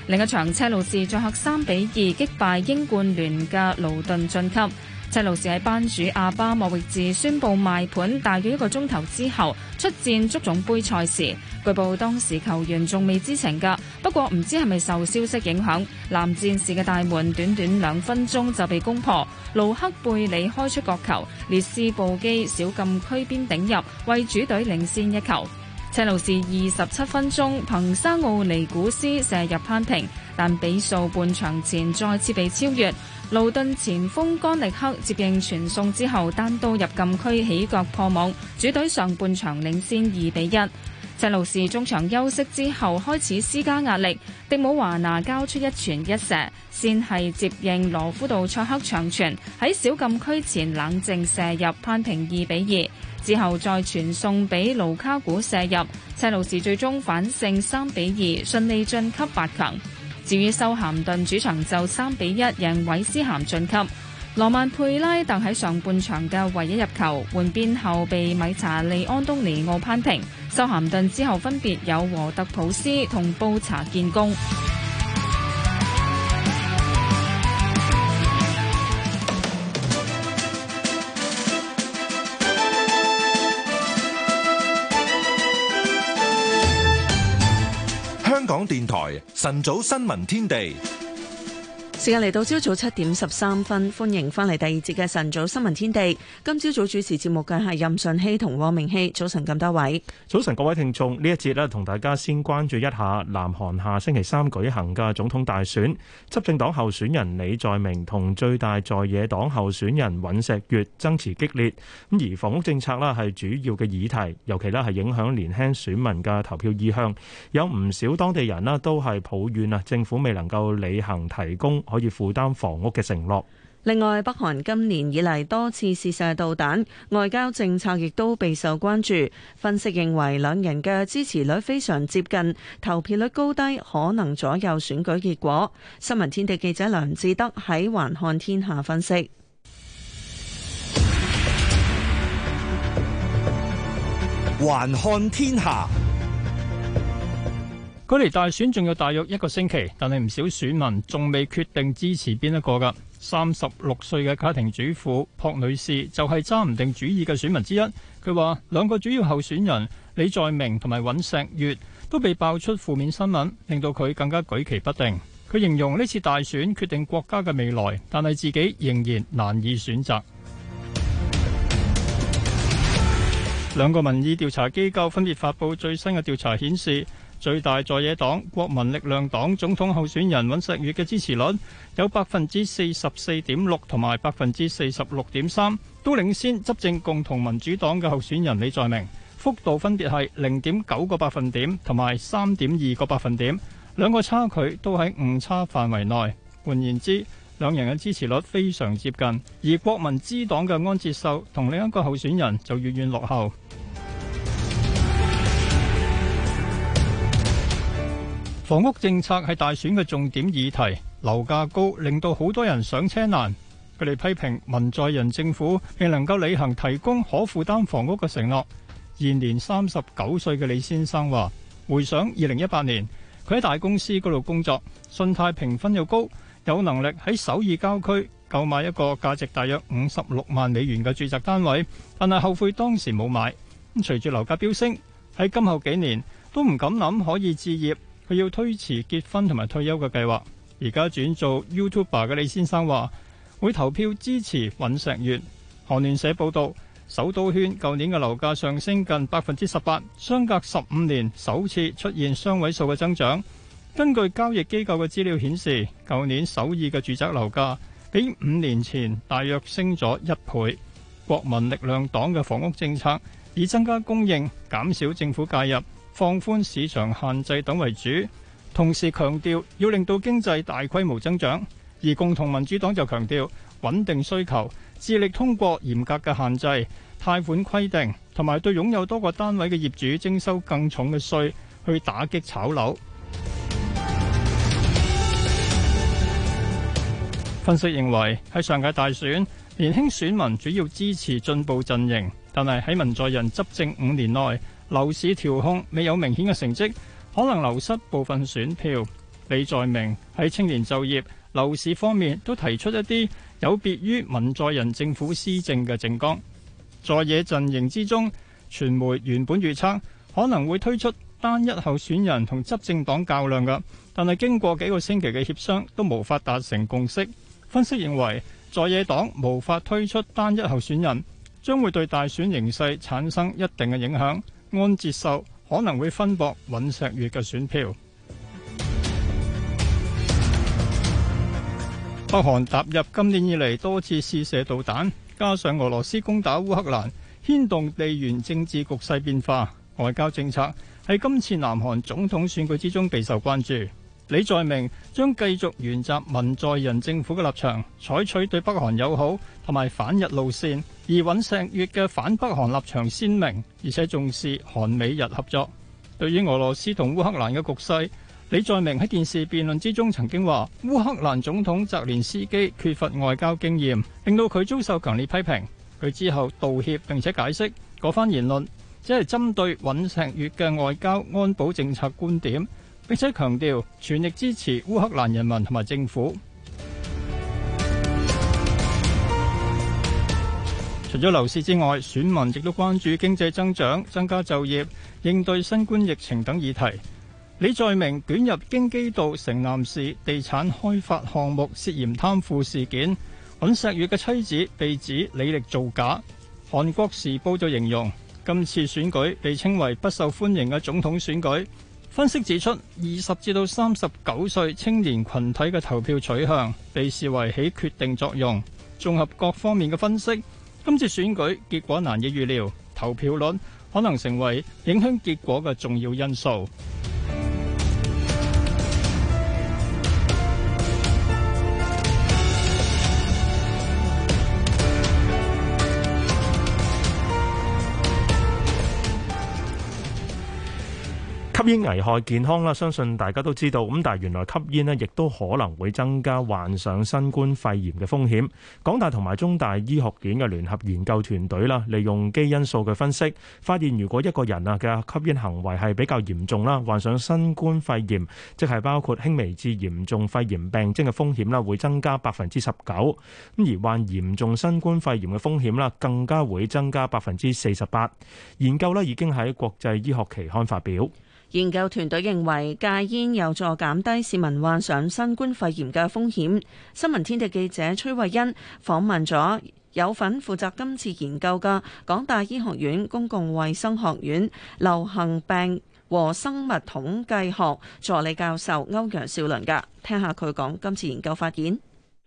另一場車路士作客三比二擊敗英冠聯嘅勞頓晉級。車路士喺班主阿巴莫域治宣布賣盤大約一個鐘頭之後出戰足總杯賽事，據報當時球員仲未知情噶。不過唔知係咪受消息影響，藍戰士嘅大門短短兩分鐘就被攻破，盧克貝里開出角球，列斯布基小禁區邊頂入，為主隊領先一球。赤路士二十七分鐘，彭山奧尼古斯射入攀平，但比數半場前再次被超越。路頓前鋒干力克接應傳送之後，單刀入禁區起腳破網，主隊上半場領先二比一。赤路士中場休息之後開始施加壓力，迪姆華拿交出一傳一射，先係接應羅夫道卓克長傳，喺小禁區前冷靜射入攀平二比二。之後再傳送俾盧卡古射入，赤路士最終反勝三比二，順利晉級八強。至於修咸頓主場就三比一贏韋斯咸晉級。羅曼佩拉特喺上半場嘅唯一入球，換邊後被米查利安東尼奧扳平。修咸頓之後分別有和特普斯同布查建功。電台晨早新聞天地。時間嚟到朝早七點十三分，歡迎翻嚟第二節嘅晨早新聞天地。今朝早主持節目嘅係任順熙同王明熙。早晨咁多位，早晨各位聽眾，呢一節呢，同大家先關注一下南韓下星期三舉行嘅總統大選，執政黨候選人李在明同最大在野黨候選人尹錫悅爭持激烈。咁而房屋政策呢，係主要嘅議題，尤其呢，係影響年輕選民嘅投票意向。有唔少當地人呢，都係抱怨啊，政府未能夠履行提供。可以負擔房屋嘅承諾。另外，北韓今年以嚟多次試射導彈，外交政策亦都備受關注。分析認為，兩人嘅支持率非常接近，投票率高低可能左右選舉結果。新聞天地記者梁志德喺《環看天下》分析。環看天下。距離大選仲有大約一個星期，但係唔少選民仲未決定支持邊一個噶。三十六歲嘅家庭主婦朴女士就係揸唔定主意嘅選民之一。佢話，兩個主要候選人李在明同埋尹錫悦都被爆出負面新聞，令到佢更加舉棋不定。佢形容呢次大選決定國家嘅未來，但係自己仍然難以選擇。 <noise> 兩個民意調查機構分別發布最新嘅調查顯示，最大在野黨國民力量黨總統候選人尹錫悅嘅支持率有百分之四十四點六同埋百分之四十六點三，都領先執政共同民主黨嘅候選人李在明，幅度分別係零點九個百分點同埋三點二個百分點，兩個差距都喺誤差範圍內。換言之，兩人嘅支持率非常接近，而國民之黨嘅安哲秀同另一個候選人就遠遠落後。房屋政策係大選嘅重點議題，樓價高令到好多人上車難，佢哋批評文在寅政府未能夠履行提供可負擔房屋嘅承諾。現年三十九歲嘅李先生話回想二零一八年，佢喺大公司嗰度工作，信貸評分又高，有能力喺首爾郊區購買一個價值大約五十六萬美元嘅住宅單位，但係後悔當時冇買，隨住樓價飆升，喺今後幾年都唔敢諗可以置業。佢要推遲結婚同埋退休嘅計劃，而家轉做 YouTuber 嘅李先生話會投票支持尹錫悅。韓聯社報導，首都圈舊年嘅樓價上升近百分之十八，相隔十五年首次出現雙位數嘅增長。根據交易機構嘅資料顯示，舊年首爾嘅住宅樓價比五年前大約升咗一倍。國民力量黨嘅房屋政策以增加供應，減少政府介入，放寬市場限制等為主，同時強調要令到經濟大規模增長。而共同民主黨就強調穩定需求，致力通過嚴格嘅限制、貸款規定同埋對擁有多個單位嘅業主徵收更重嘅稅，去打擊炒樓。分析認為喺上屆大選，年輕選民主要支持進步陣營，但係喺文在寅執政五年內。樓市調控未有明顯嘅成績，可能流失部分選票。李在明喺青年就業樓市方面都提出一啲有別於文在寅政府施政嘅政綱，在野陣營之中，傳媒原本預測可能會推出單一候選人同執政黨較量㗎，但係經過幾個星期嘅協商都無法達成共識。分析認為，在野黨無法推出單一候選人，將會對大選形勢產生一定嘅影響。安哲秀可能會分薄尹錫悅嘅選票。北韓踏入今年以嚟多次試射導彈，加上俄羅斯攻打烏克蘭，牽動地緣政治局勢變化，外交政策喺今次南韓總統選舉之中備受關注。李在明將繼續沿襲文在寅政府嘅立場，採取對北韓友好同埋反日路線，而尹錫悅嘅反北韓立場鮮明，而且重視韓美日合作。對於俄羅斯同烏克蘭嘅局勢，李在明喺電視辯論之中曾經話烏克蘭總統澤連斯基缺乏外交經驗，令到佢遭受強烈批評，佢之後道歉並且解釋嗰番言論只係針對尹錫悅嘅外交安保政策觀點。並且強調全力支持烏克蘭人民同埋政府。 <music> 除咗樓市之外，選民亦都關注經濟增長、增加就業、應對新冠疫情等議題。李在明卷入京畿道城南市地產開發項目涉嫌貪腐事件，尹錫悅嘅妻子被指履歷造假。韓國時報就形容今次選舉被稱為不受歡迎嘅總統選舉。分析指出，二十至到三十九歲青年群體嘅投票取向被視為起決定作用。綜合各方面嘅分析，今次選舉結果難以預料，投票率可能成為影響結果嘅重要因素。吸煙危害健康啦，相信大家都知道咁。但係原來吸煙呢亦都可能會增加患上新冠肺炎嘅風險。港大同埋中大醫學院嘅聯合研究團隊啦，利用基因數據分析，發現如果一個人啊嘅吸煙行為係比較嚴重啦，患上新冠肺炎，即係包括輕微至嚴重肺炎病徵嘅風險啦，會增加百分之十九。咁而患嚴重新冠肺炎嘅風險啦，更加會增加百分之四十八。研究呢已經喺國際醫學期刊發表。研究團隊認為戒煙有助減低市民患上新冠肺炎嘅風險。新聞天地記者崔慧恩訪問咗有份負責今次研究嘅港大醫學院公共衛生學院流行病和生物統計學助理教授歐陽少倫嘅，聽下佢講今次研究發現。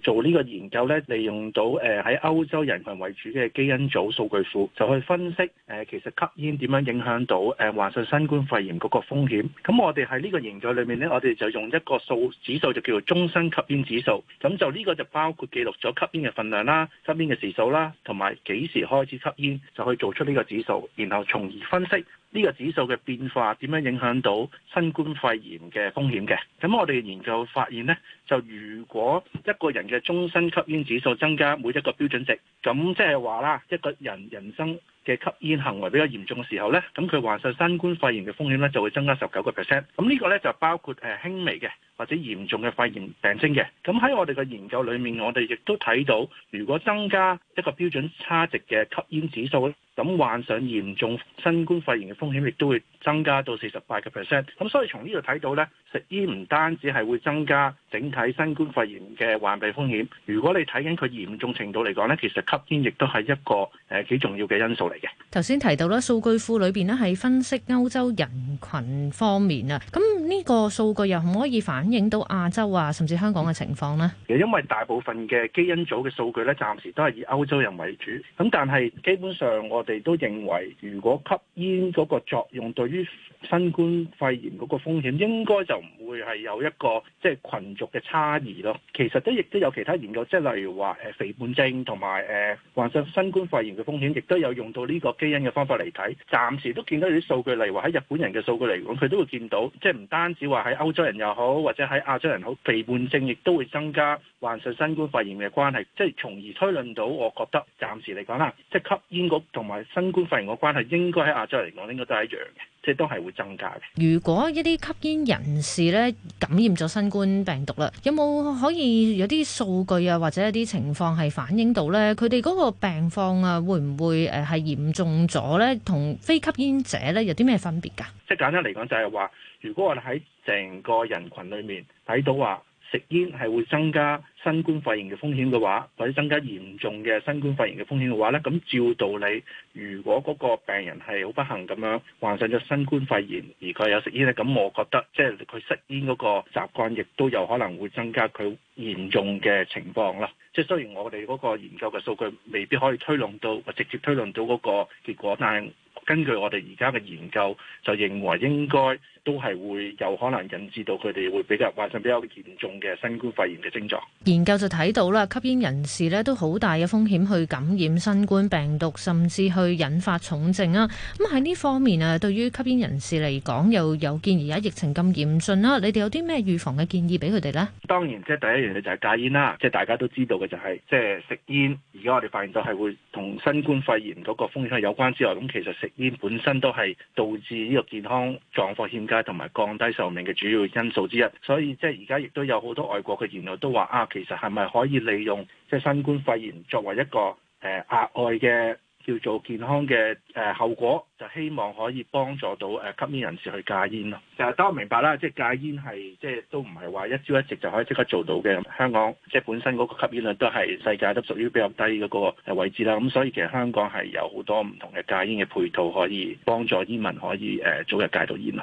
做呢個研究呢，利用到誒喺、呃、歐洲人群為主嘅基因組數據庫，就去分析誒、呃、其實吸煙點樣影響到誒、呃、患上新冠肺炎嗰個風險。咁我哋喺呢個研究裏面呢，我哋就用一個數指數，就叫做終身吸煙指數。咁就呢個就包括記錄咗吸煙嘅份量啦、吸煙嘅時數啦，同埋幾時開始吸煙，就去做出呢個指數，然後從而分析呢個指數嘅變化點樣影響到新冠肺炎嘅風險嘅。咁我哋研究發現呢。就如果一個人嘅終身吸煙指數增加每一個標準值，咁即係話啦，一個人人生嘅吸煙行為比較嚴重嘅時候呢，咁佢患上新冠肺炎嘅風險呢就會增加十九個 percent。咁呢個呢，就包括誒輕微嘅或者嚴重嘅肺炎病徵嘅。咁喺我哋嘅研究裏面，我哋亦都睇到，如果增加一個標準差值嘅吸煙指數咧，咁患上嚴重新冠肺炎嘅風險亦都會增加到四十八個 percent。咁所以從呢度睇到咧，食煙唔單止係會增加整體新冠肺炎嘅患病風險。如果你睇緊佢嚴重程度嚟講咧，其實吸煙亦都係一個誒幾重要嘅因素嚟嘅。頭先提到啦，數據庫裏邊咧係分析歐洲人群方面啊，咁呢個數據又可唔可以反映到亞洲啊，甚至香港嘅情況呢？其實因為大部分嘅基因組嘅數據咧，暫時都係以歐。歐洲人為主，咁但係基本上我哋都認為，如果吸煙嗰個作用對於新冠肺炎嗰個風險，應該就唔會係有一個即係群族嘅差異咯。其實都亦都有其他研究，即係例如話誒肥胖症同埋誒患上新冠肺炎嘅風險，亦都有用到呢個基因嘅方法嚟睇。暫時都見到啲數據，例如話喺日本人嘅數據嚟講，佢都會見到，即係唔單止話喺歐洲人又好，或者喺亞洲人好，肥胖症亦都會增加患上新冠肺炎嘅關係，即係從而推論到我。覺得暫時嚟講啦，即係吸煙局同埋新冠肺炎個關係，應該喺亞洲嚟講應該都係一樣嘅，即係都係會增加嘅。如果一啲吸煙人士咧感染咗新冠病毒啦，有冇可以有啲數據啊，或者一啲情況係反映到咧，佢哋嗰個病況啊，會唔會誒係嚴重咗咧？同非吸煙者咧有啲咩分別㗎？即係簡單嚟講，就係話，如果我哋喺成個人群裡面睇到話，食煙係會增加新冠肺炎嘅風險嘅話，或者增加嚴重嘅新冠肺炎嘅風險嘅話呢，咁照道理，如果嗰個病人係好不幸咁樣患上咗新冠肺炎，而佢有食煙呢，咁我覺得即係佢食煙嗰個習慣，亦都有可能會增加佢嚴重嘅情況啦。即係雖然我哋嗰個研究嘅數據未必可以推論到直接推論到嗰個結果，但係根據我哋而家嘅研究就認為應該。都係會有可能引致到佢哋會比較患上比較嚴重嘅新冠肺炎嘅症狀。研究就睇到啦，吸煙人士呢都好大嘅風險去感染新冠病毒，甚至去引發重症啊！咁喺呢方面啊，對於吸煙人士嚟講，又有見而家疫情咁嚴峻啦，你哋有啲咩預防嘅建議俾佢哋呢？當然，即係第一樣嘢就係戒煙啦。即係大家都知道嘅，就係即係食煙。而家我哋發現到係會同新冠肺炎嗰個風險係有關之外，咁其實食煙本身都係導致呢個健康狀況欠，同埋降低壽命嘅主要因素之一，所以即係而家亦都有好多外國嘅研究都話啊，其實係咪可以利用即係新冠肺炎作為一個誒、呃、額外嘅叫做健康嘅誒、呃、後果，就希望可以幫助到誒吸煙人士去戒煙咯。誒當然明白啦，即係戒煙係即係都唔係話一朝一夕就可以即刻做到嘅。香港即係本身嗰個吸煙率都係世界都屬於比較低嘅嗰個位置啦。咁所以其實香港係有好多唔同嘅戒煙嘅配套，可以幫助煙民可以誒早日戒到煙咯。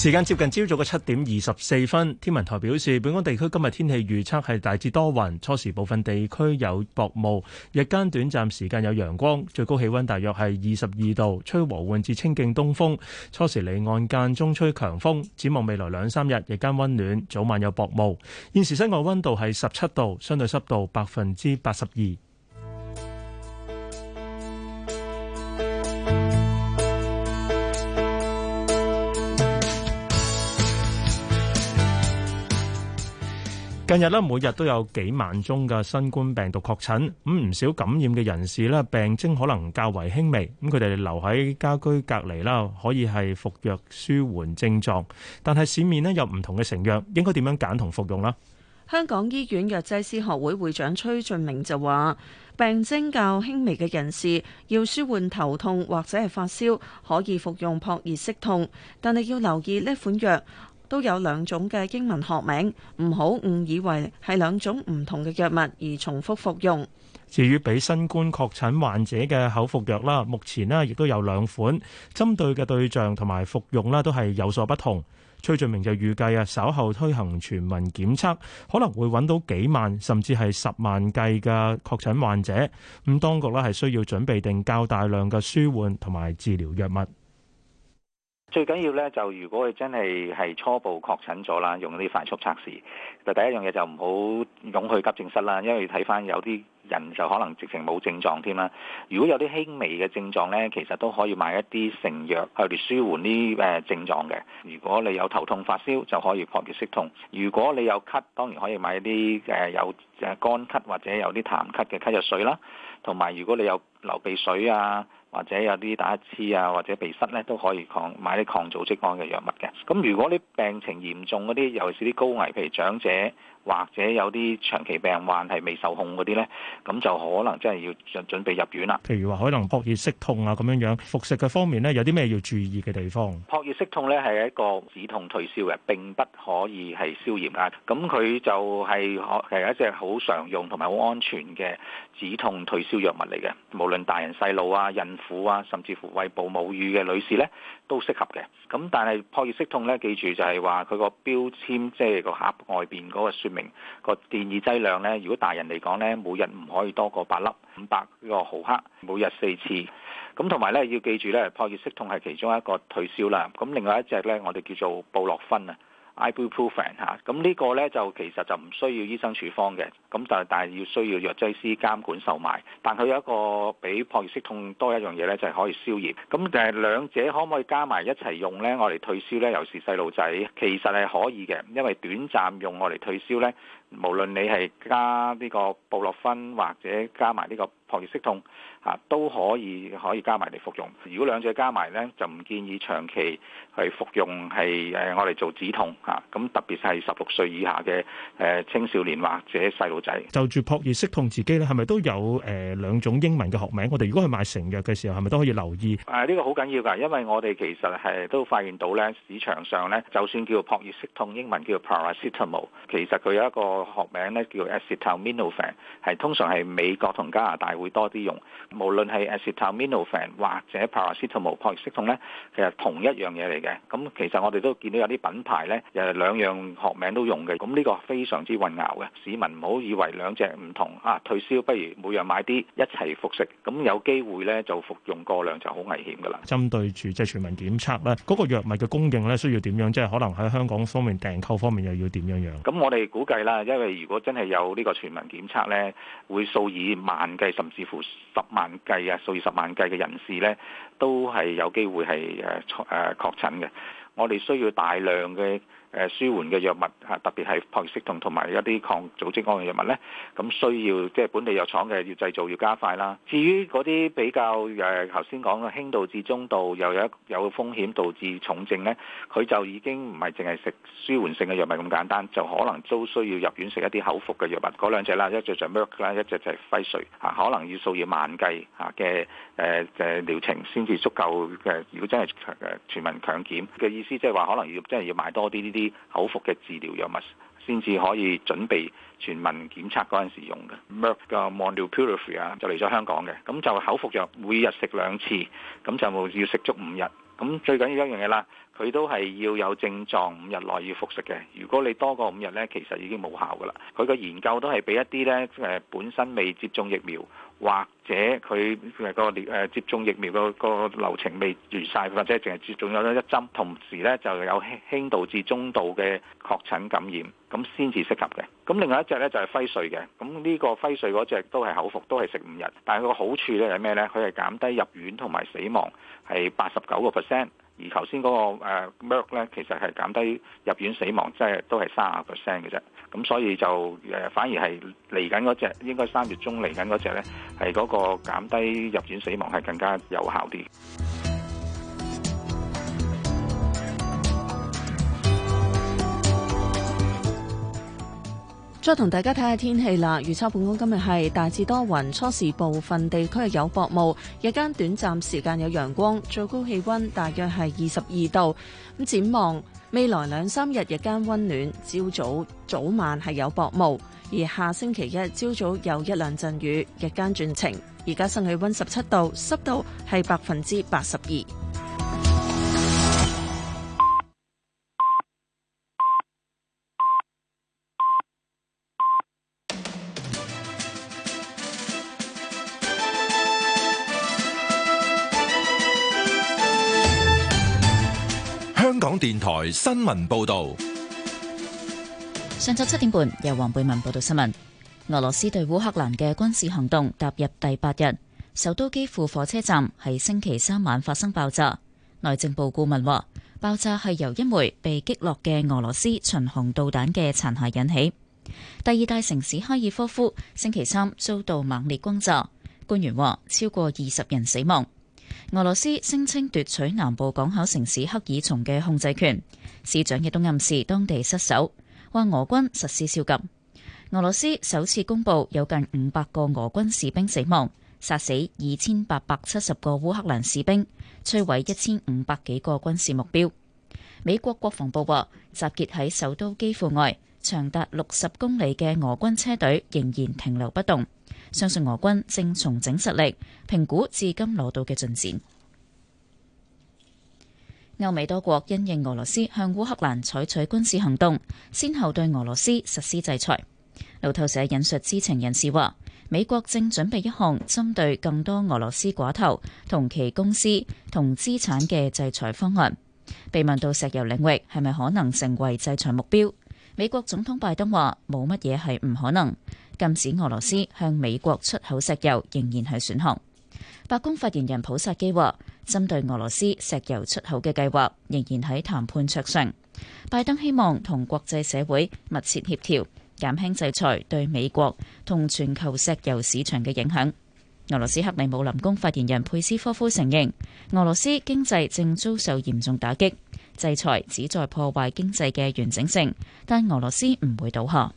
時間接近朝早嘅七點二十四分，天文台表示，本港地區今日天氣預測係大致多雲，初時部分地區有薄霧，日間短暫時間有陽光，最高氣温大約係二十二度，吹和緩至清勁東風，初時離岸間中吹強風，展望未來兩三日，日間温暖，早晚有薄霧。現時室外温度係十七度，相對濕度百分之八十二。近日咧，每日都有幾萬宗嘅新冠病毒確診，咁唔少感染嘅人士咧，病徵可能較為輕微，咁佢哋留喺家居隔離啦，可以係服藥舒緩症狀。但係市面呢有唔同嘅成藥，應該點樣揀同服用啦？香港醫院藥劑師學會會長崔俊明就話：病徵較輕微嘅人士要舒緩頭痛或者係發燒，可以服用撲熱息痛，但係要留意呢款藥。都有兩種嘅英文學名，唔好誤以為係兩種唔同嘅藥物而重複服用。至於俾新冠確診患者嘅口服藥啦，目前咧亦都有兩款，針對嘅對象同埋服用咧都係有所不同。崔俊明就預計啊，稍後推行全民檢測，可能會揾到幾萬甚至係十萬計嘅確診患者，咁當局咧係需要準備定較大量嘅舒緩同埋治療藥物。最緊要咧，就如果佢真係係初步確診咗啦，用啲快速測試。但第一樣嘢就唔好湧去急症室啦，因為睇翻有啲人就可能直情冇症狀添啦。如果有啲輕微嘅症狀咧，其實都可以買一啲成藥去舒緩啲誒症狀嘅。如果你有頭痛發燒，就可以撲熱息痛。如果你有咳，當然可以買一啲誒有誒乾咳或者有啲痰咳嘅咳藥水啦。同埋如果你有流鼻水啊。或者有啲打乞嗤啊，或者鼻塞咧都可以抗買啲抗組織胺嘅藥物嘅。咁如果啲病情嚴重嗰啲，尤其是啲高危，譬如長者。或者有啲長期病患係未受控嗰啲呢，咁就可能真係要準，準備入院啦。譬如話可能撲熱息痛啊咁樣樣，服食嘅方面呢，有啲咩要注意嘅地方？撲熱息痛呢係一個止痛退燒嘅，並不可以係消炎嘅。咁佢就係、係、係一隻好常用同埋好安全嘅止痛退燒藥物嚟嘅，無論大人細路啊、孕婦啊，甚至乎餵哺母乳嘅女士呢。都適合嘅，咁但係撲熱息痛咧，記住就係話佢個標籤，即係個盒外邊嗰個説明個建議劑量咧。如果大人嚟講咧，每日唔可以多過八粒五百個毫克，每日四次。咁同埋咧，要記住咧，撲熱息痛係其中一個退燒啦。咁另外一隻咧，我哋叫做布洛芬啊。Ibuprofen 咁、啊、呢、呢個呢就其實就唔需要醫生處方嘅，咁但係但係要需要藥劑師監管售賣。但佢有一個比撲熱息痛多一樣嘢呢，就係、是、可以消炎。咁、啊、誒，兩者可唔可以加埋一齊用呢？我嚟退燒呢，尤其是細路仔，其實係可以嘅，因為短暫用我嚟退燒呢，無論你係加呢個布洛芬或者加埋呢個撲熱息痛。啊，都可以可以加埋嚟服用。如果兩者加埋咧，就唔建議長期去服用，係誒我哋做止痛吓。咁、啊、特別係十六歲以下嘅誒、呃、青少年或者細路仔。就住撲熱息痛自己咧，係咪都有誒、呃、兩種英文嘅學名？我哋如果去買成藥嘅時候，係咪都可以留意？誒呢、啊這個好緊要㗎，因為我哋其實係都發現到咧，市場上咧，就算叫撲熱息痛，英文叫 Paracetamol，其實佢有一個學名咧叫 Acetaminophen，係通常係美國同加拿大會多啲用。無論係 acetaminophen 或者 paracetamol，佢適痛咧，其實同一樣嘢嚟嘅。咁其實我哋都見到有啲品牌咧，誒、又係兩樣學名都用嘅。咁、這、呢個非常之混淆嘅，市民唔好以為兩隻唔同啊！退燒不如每樣買啲一齊服食。咁有機會咧就服用過量就好危險㗎啦。針對住即係全民檢測咧，嗰、那個藥物嘅供應咧需要點樣？即係可能喺香港方面訂購方面又要點樣樣？咁我哋估計啦，因為如果真係有呢個全民檢測咧，會數以萬計，甚至乎十萬。萬計啊，數以十萬計嘅人士咧，都係有機會係誒誒確診嘅。我哋需要大量嘅。誒舒緩嘅藥物嚇，特別係撲熱息痛同埋一啲抗組織胺嘅藥物咧，咁需要即係、就是、本地藥廠嘅要製造要加快啦。至於嗰啲比較誒頭先講嘅輕度至中度，又有有風險導致重症咧，佢就已經唔係淨係食舒緩性嘅藥物咁簡單，就可能都需要入院食一啲口服嘅藥物。嗰兩隻啦，一隻就 Merck 啦，一隻就係輝瑞嚇、啊，可能要數以萬計嚇嘅誒誒療程先至足夠嘅。如、呃、果真係誒全民強檢嘅意思，即係話可能要真係要買多啲呢啲。口服嘅治療藥物，先至可以準備全民檢測嗰陣時用嘅 Merck 嘅 Molnupiravir 啊，Mon ia, 就嚟咗香港嘅。咁就口服藥，每日食兩次，咁就要食足五日。咁最緊要一樣嘢啦，佢都係要有症狀五日內要服食嘅。如果你多過五日咧，其實已經冇效噶啦。佢嘅研究都係俾一啲咧誒本身未接種疫苗。或者佢誒接種疫苗個流程未完晒，或者淨係接種咗一針，同時呢就有輕度至中度嘅確診感染，咁先至適合嘅。咁另外一隻呢，就係輝瑞嘅，咁呢個輝瑞嗰隻都係口服，都係食五日，但佢個好處呢係咩呢？佢係減低入院同埋死亡係八十九個 percent。而頭先嗰個誒 Merck 咧，其實係減低入院死亡，即係都係卅個 percent 嘅啫。咁所以就誒，反而係嚟緊嗰隻，應該三月中嚟緊嗰隻咧，係嗰個減低入院死亡係更加有效啲。再同大家睇下天氣啦。預測本港今日係大致多雲，初時部分地區有薄霧，日間短暫時間有陽光，最高氣温大約係二十二度。咁展望未來兩三日日間温暖，朝早早，早晚係有薄霧，而下星期一朝早，早有一兩陣雨，日間轉晴。而家室氣温十七度，濕度係百分之八十二。香港電台新聞報道：上晝七點半，由黃貝文報道新聞。俄羅斯對烏克蘭嘅軍事行動踏入第八日，首都基輔火車站喺星期三晚發生爆炸。內政部顧問話，爆炸係由一枚被擊落嘅俄羅斯巡航導彈嘅殘骸引起。第二大城市哈爾科夫星期三遭到猛烈轟炸，官員話超過二十人死亡。俄羅斯聲稱奪取南部港口城市赫爾松嘅控制權，市長亦都暗示當地失守，話俄軍實施宵禁。俄羅斯首次公布有近五百個俄軍士兵死亡，殺死二千八百七十個烏克蘭士兵，摧毀一千五百幾個軍事目標。美國國防部話，集結喺首都基輔外長達六十公里嘅俄軍車隊仍然停留不動。相信俄軍正重整實力，評估至今攞到嘅進展。歐美多國因應俄羅斯向烏克蘭採取軍事行動，先後對俄羅斯實施制裁。路透社引述知情人士話，美國正準備一項針對更多俄羅斯寡頭同其公司同資產嘅制裁方案。被問到石油領域係咪可能成為制裁目標，美國總統拜登話：冇乜嘢係唔可能。禁止俄羅斯向美國出口石油仍然係選項。白宮發言人普薩基話，針對俄羅斯石油出口嘅計劃仍然喺談判桌上。拜登希望同國際社會密切協調，減輕制裁對美國同全球石油市場嘅影響。俄羅斯克里姆林宮發言人佩斯科夫承認，俄羅斯經濟正遭受嚴重打擊，制裁旨在破壞經濟嘅完整性，但俄羅斯唔會倒下。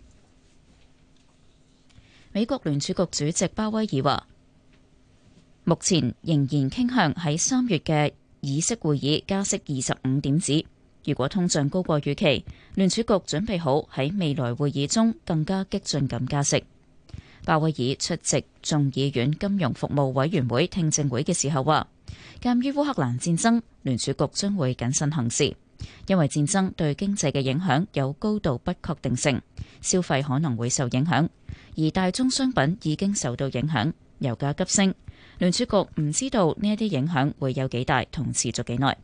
美國聯儲局主席鮑威爾話，目前仍然傾向喺三月嘅議息會議加息二十五點子。如果通脹高過預期，聯儲局準備好喺未來會議中更加激進咁加息。鮑威爾出席眾議院金融服務委員會聽證會嘅時候話，鑒於烏克蘭戰爭，聯儲局將會謹慎行事，因為戰爭對經濟嘅影響有高度不確定性，消費可能會受影響。而大宗商品已經受到影響，油價急升。聯儲局唔知道呢一啲影響會有幾大同持續幾耐。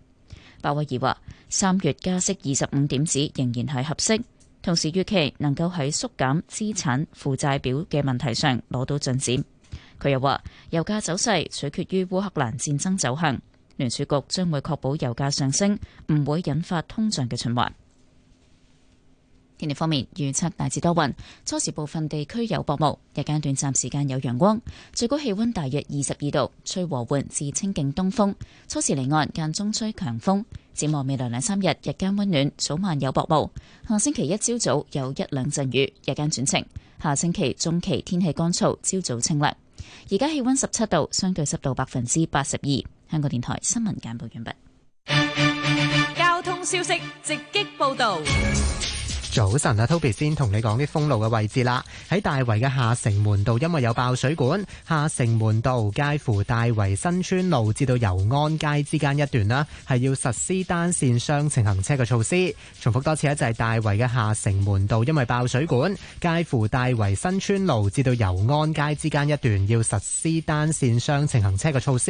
鮑威爾話：三月加息二十五點子仍然係合適，同時預期能夠喺縮減資產負債表嘅問題上攞到進展。佢又話：油價走勢取決於烏克蘭戰爭走向，聯儲局將會確保油價上升唔會引發通脹嘅循環。天氣方面，預測大致多雲，初時部分地區有薄霧，日間短暫時間有陽光，最高氣溫大約二十二度，吹和緩至清勁東風。初時離岸間中吹強風。展望未來兩三日，日間溫暖，早晚有薄霧。下星期一朝早，早有一兩陣雨，日間轉晴。下星期中期天氣乾燥，朝早清涼。而家氣溫十七度，相對濕度百分之八十二。香港電台新聞簡報完畢。交通消息直擊報道。早晨啊，Toby 先同你講啲封路嘅位置啦。喺大圍嘅下城門道，因為有爆水管，下城門道介乎大圍新村路至到油安街之間一段啦，係要實施單線雙程行車嘅措施。重複多次咧，就係大圍嘅下城門道，因為爆水管，介乎大圍新村路至到油安街之間一段要實施單線雙程行車嘅措施。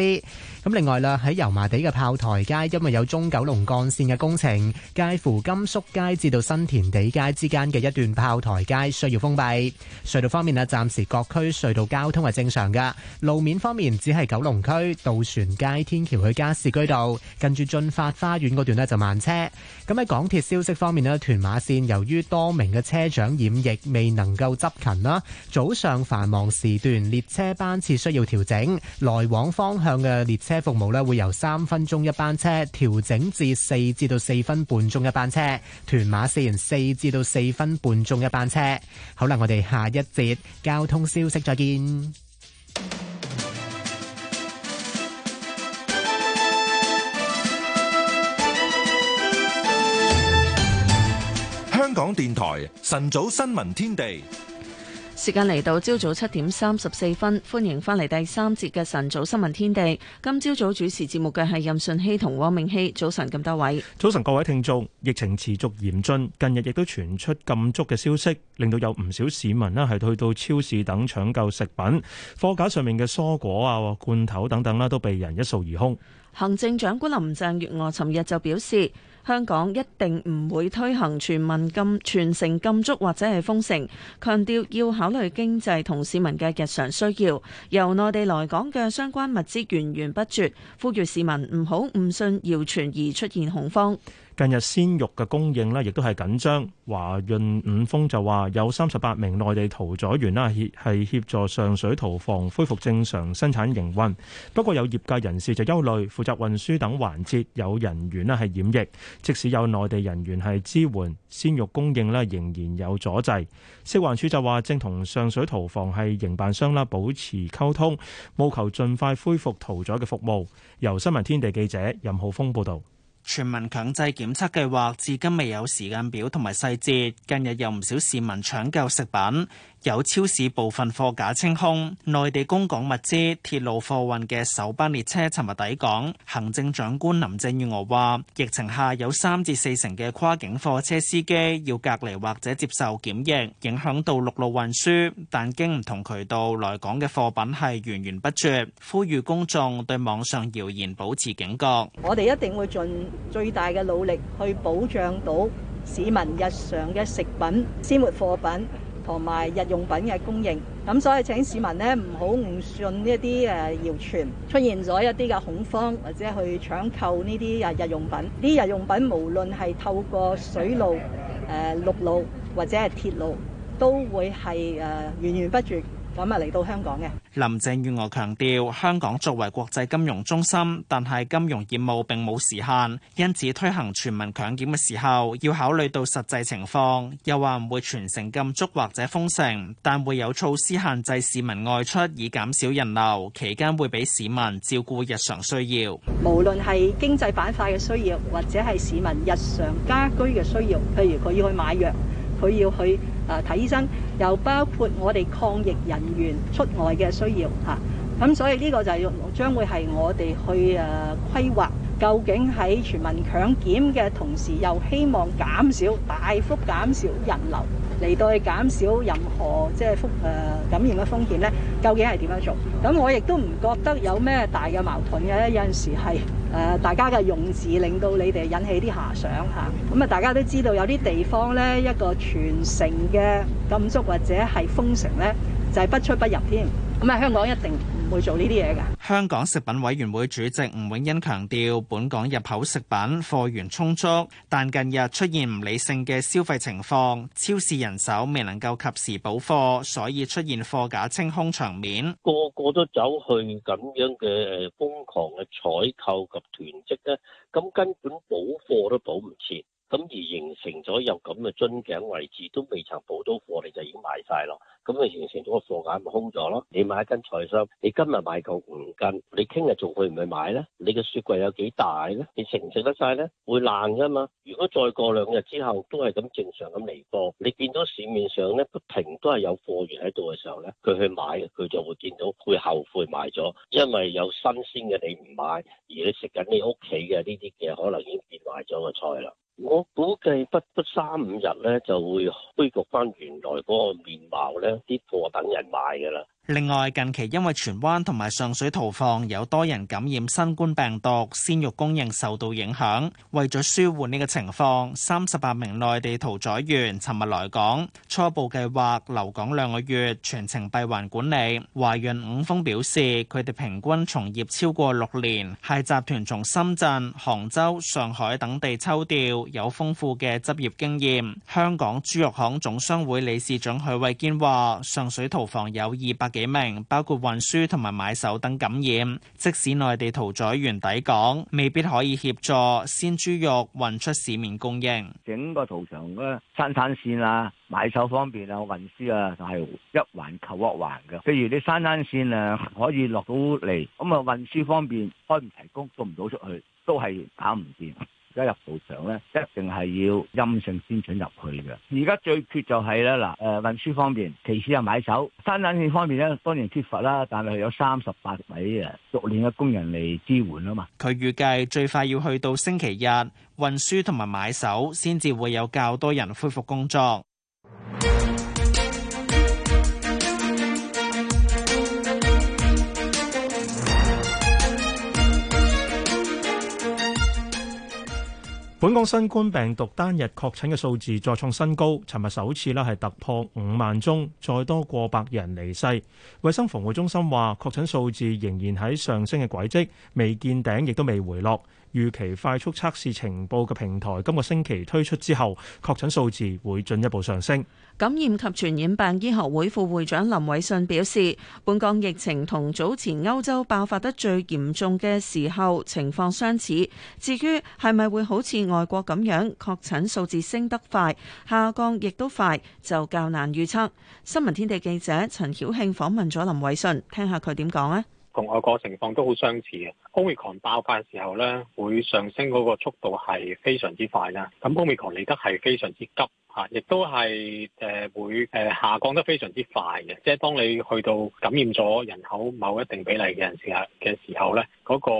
咁另外啦，喺油麻地嘅炮台街，因為有中九龍幹線嘅工程，介乎甘肅街至到新田地街之間嘅一段炮台街需要封閉。隧道方面咧，暫時各區隧道交通係正常噶。路面方面只係九龍區渡船街天橋去加士居道近住駿發花園嗰段呢，就慢車。咁喺港鐵消息方面呢，屯馬線由於多名嘅車長染疫，未能夠執勤啦。早上繁忙時段列車班次需要調整，來往方向嘅列車服務呢會由三分鐘一班車調整至四至到四分半鐘一班車。屯馬線四至到四分半鐘一班車。好啦，我哋下一節交通消息再見。香港電台晨早新聞天地，時間嚟到朝早七點三十四分，歡迎翻嚟第三節嘅晨早新聞天地。今朝早主持節目嘅係任順希同汪明希，早晨咁多位，早晨各位聽眾。疫情持續嚴峻，近日亦都傳出禁足嘅消息，令到有唔少市民呢係去到超市等搶購食品，貨架上面嘅蔬果啊、罐頭等等啦，都被人一掃而空。行政長官林鄭月娥尋日就表示，香港一定唔會推行全民禁、全城禁足或者係封城，強調要考慮經濟同市民嘅日常需要。由內地來港嘅相關物資源源不絕，呼籲市民唔好誤信謠傳而出現恐慌。近日鮮肉嘅供應咧，亦都係緊張。華潤五豐就話有三十八名內地屠宰員啦，係協助上水屠房恢復正常生產營運。不過有業界人士就憂慮，負責運輸等環節有人員咧係染疫，即使有內地人員係支援鮮肉供應咧，仍然有阻滯。食環署就話正同上水屠房係營辦商啦保持溝通，務求盡快恢復屠宰嘅服務。由新聞天地記者任浩峰報導。全民強制檢測計劃至今未有時間表同埋細節，近日有唔少市民搶購食品。有超市部分貨架清空，內地供港物資，鐵路貨運嘅首班列車尋日抵港。行政長官林鄭月娥話，疫情下有三至四成嘅跨境貨車司機要隔離或者接受檢疫，影響到陸路運輸，但經唔同渠道來港嘅貨品係源源不絕。呼籲公眾對網上謠言保持警覺。我哋一定會盡最大嘅努力去保障到市民日常嘅食品、鮮活貨品，同埋日用品嘅供應，咁所以請市民咧，唔好誤信一啲誒謠傳，出現咗一啲嘅恐慌或者去搶購呢啲日日用品。呢啲日用品無論係透過水路、誒、呃、陸路或者係鐵路，都會係誒、呃、源源不絕。咁啊，嚟到香港嘅林鄭月娥強調，香港作為國際金融中心，但係金融業務並冇時限，因此推行全民強檢嘅時候，要考慮到實際情況，又話唔會全城禁足或者封城，但會有措施限制市民外出，以減少人流。期間會俾市民照顧日常需要，無論係經濟板塊嘅需要，或者係市民日常家居嘅需要，譬如佢要去買藥。佢要去誒睇醫生，又包括我哋抗疫人員出外嘅需要吓。咁、啊、所以呢個就係將會係我哋去誒規劃，究竟喺全民強檢嘅同時，又希望減少大幅減少人流。嚟到減少任何即係風誒感染嘅風險呢，究竟係點樣做？咁我亦都唔覺得有咩大嘅矛盾嘅。有陣時係誒、呃、大家嘅用字令到你哋引起啲遐想嚇。咁啊、嗯，大家都知道有啲地方呢，一個全城嘅禁足或者係封城呢，就係、是、不出不入添。咁、嗯、啊、嗯，香港一定會做呢啲嘢噶？香港食品委員會主席吳永恩強調，本港入口食品貨源充足，但近日出現唔理性嘅消費情況，超市人手未能夠及時補貨，所以出現貨架清空場面。個個都走去咁樣嘅誒瘋狂嘅採購及囤積咧，咁根本補貨都補唔切。咁而形成咗有咁嘅樽頸位置，都未曾補到貨，你就已經賣晒咯。咁啊，形成咗個貨架咪空咗咯。你買一斤菜心，你今日買夠五斤，你聽日仲會唔會買咧？你嘅雪櫃有幾大咧？你食唔食得晒咧？會爛噶嘛？如果再過兩日之後都係咁正常咁嚟貨，你見到市面上咧不停都係有貨源喺度嘅時候咧，佢去買，佢就會見到會後悔買咗，因為有新鮮嘅你唔買，而你食緊你屋企嘅呢啲嘅可能已經變壞咗個菜啦。我估計不得三五日咧就會恢復翻原來嗰個面貌咧，啲貨等人買㗎啦。另外，近期因為荃灣同埋上水屠房有多人感染新冠病毒，鮮肉供應受到影響，為咗舒緩呢個情況，三十八名內地屠宰員尋日來港，初步計劃留港兩個月，全程閉環管理。華潤五豐表示，佢哋平均從業超過六年，係集團從深圳、杭州、上海等地抽調，有豐富嘅執業經驗，香港豬肉行總商會理事長許慧堅話上水屠房有二百幾名包括運輸同埋買手等感染，即使內地屠宰員抵港，未必可以協助鮮豬肉運出市面供應。整個屠場嘅生產線啊，買手方面啊，運輸啊，就係一環扣一環嘅。譬如你生產線啊，可以落到嚟，咁啊運輸方面，開唔提供，做唔到出去，都係打唔掂。而家入到場咧，一定係要陰性先准入去嘅。而家最缺就係咧，嗱誒運輸方面，其次就買手生產線方面咧，當然缺乏啦，但係有三十八位誒熟練嘅工人嚟支援啊嘛。佢預計最快要去到星期日，運輸同埋買手先至會有較多人恢復工作。本港新冠病毒單日確診嘅數字再創新高，尋日首次呢係突破五萬宗，再多過百人離世。衛生防護中心話，確診數字仍然喺上升嘅軌跡，未見頂亦都未回落。預期快速測試情報嘅平台今個星期推出之後，確診數字會進一步上升。感染及傳染病醫學會副會長林偉信表示，本港疫情同早前歐洲爆發得最嚴重嘅時候情況相似。至於係咪會好似外國咁樣，確診數字升得快，下降亦都快，就較難預測。新聞天地記者陳曉慶訪問咗林偉信，聽下佢點講啊？同外國情況都好相似嘅。Omicron 爆發嘅時候咧，會上升嗰個速度係非常之快啦。咁 Omicron 嚟得係非常之急嚇，亦、啊、都係誒、呃、會誒、呃、下降得非常之快嘅。即係當你去到感染咗人口某一定比例嘅人時刻嘅時候咧，嗰、那個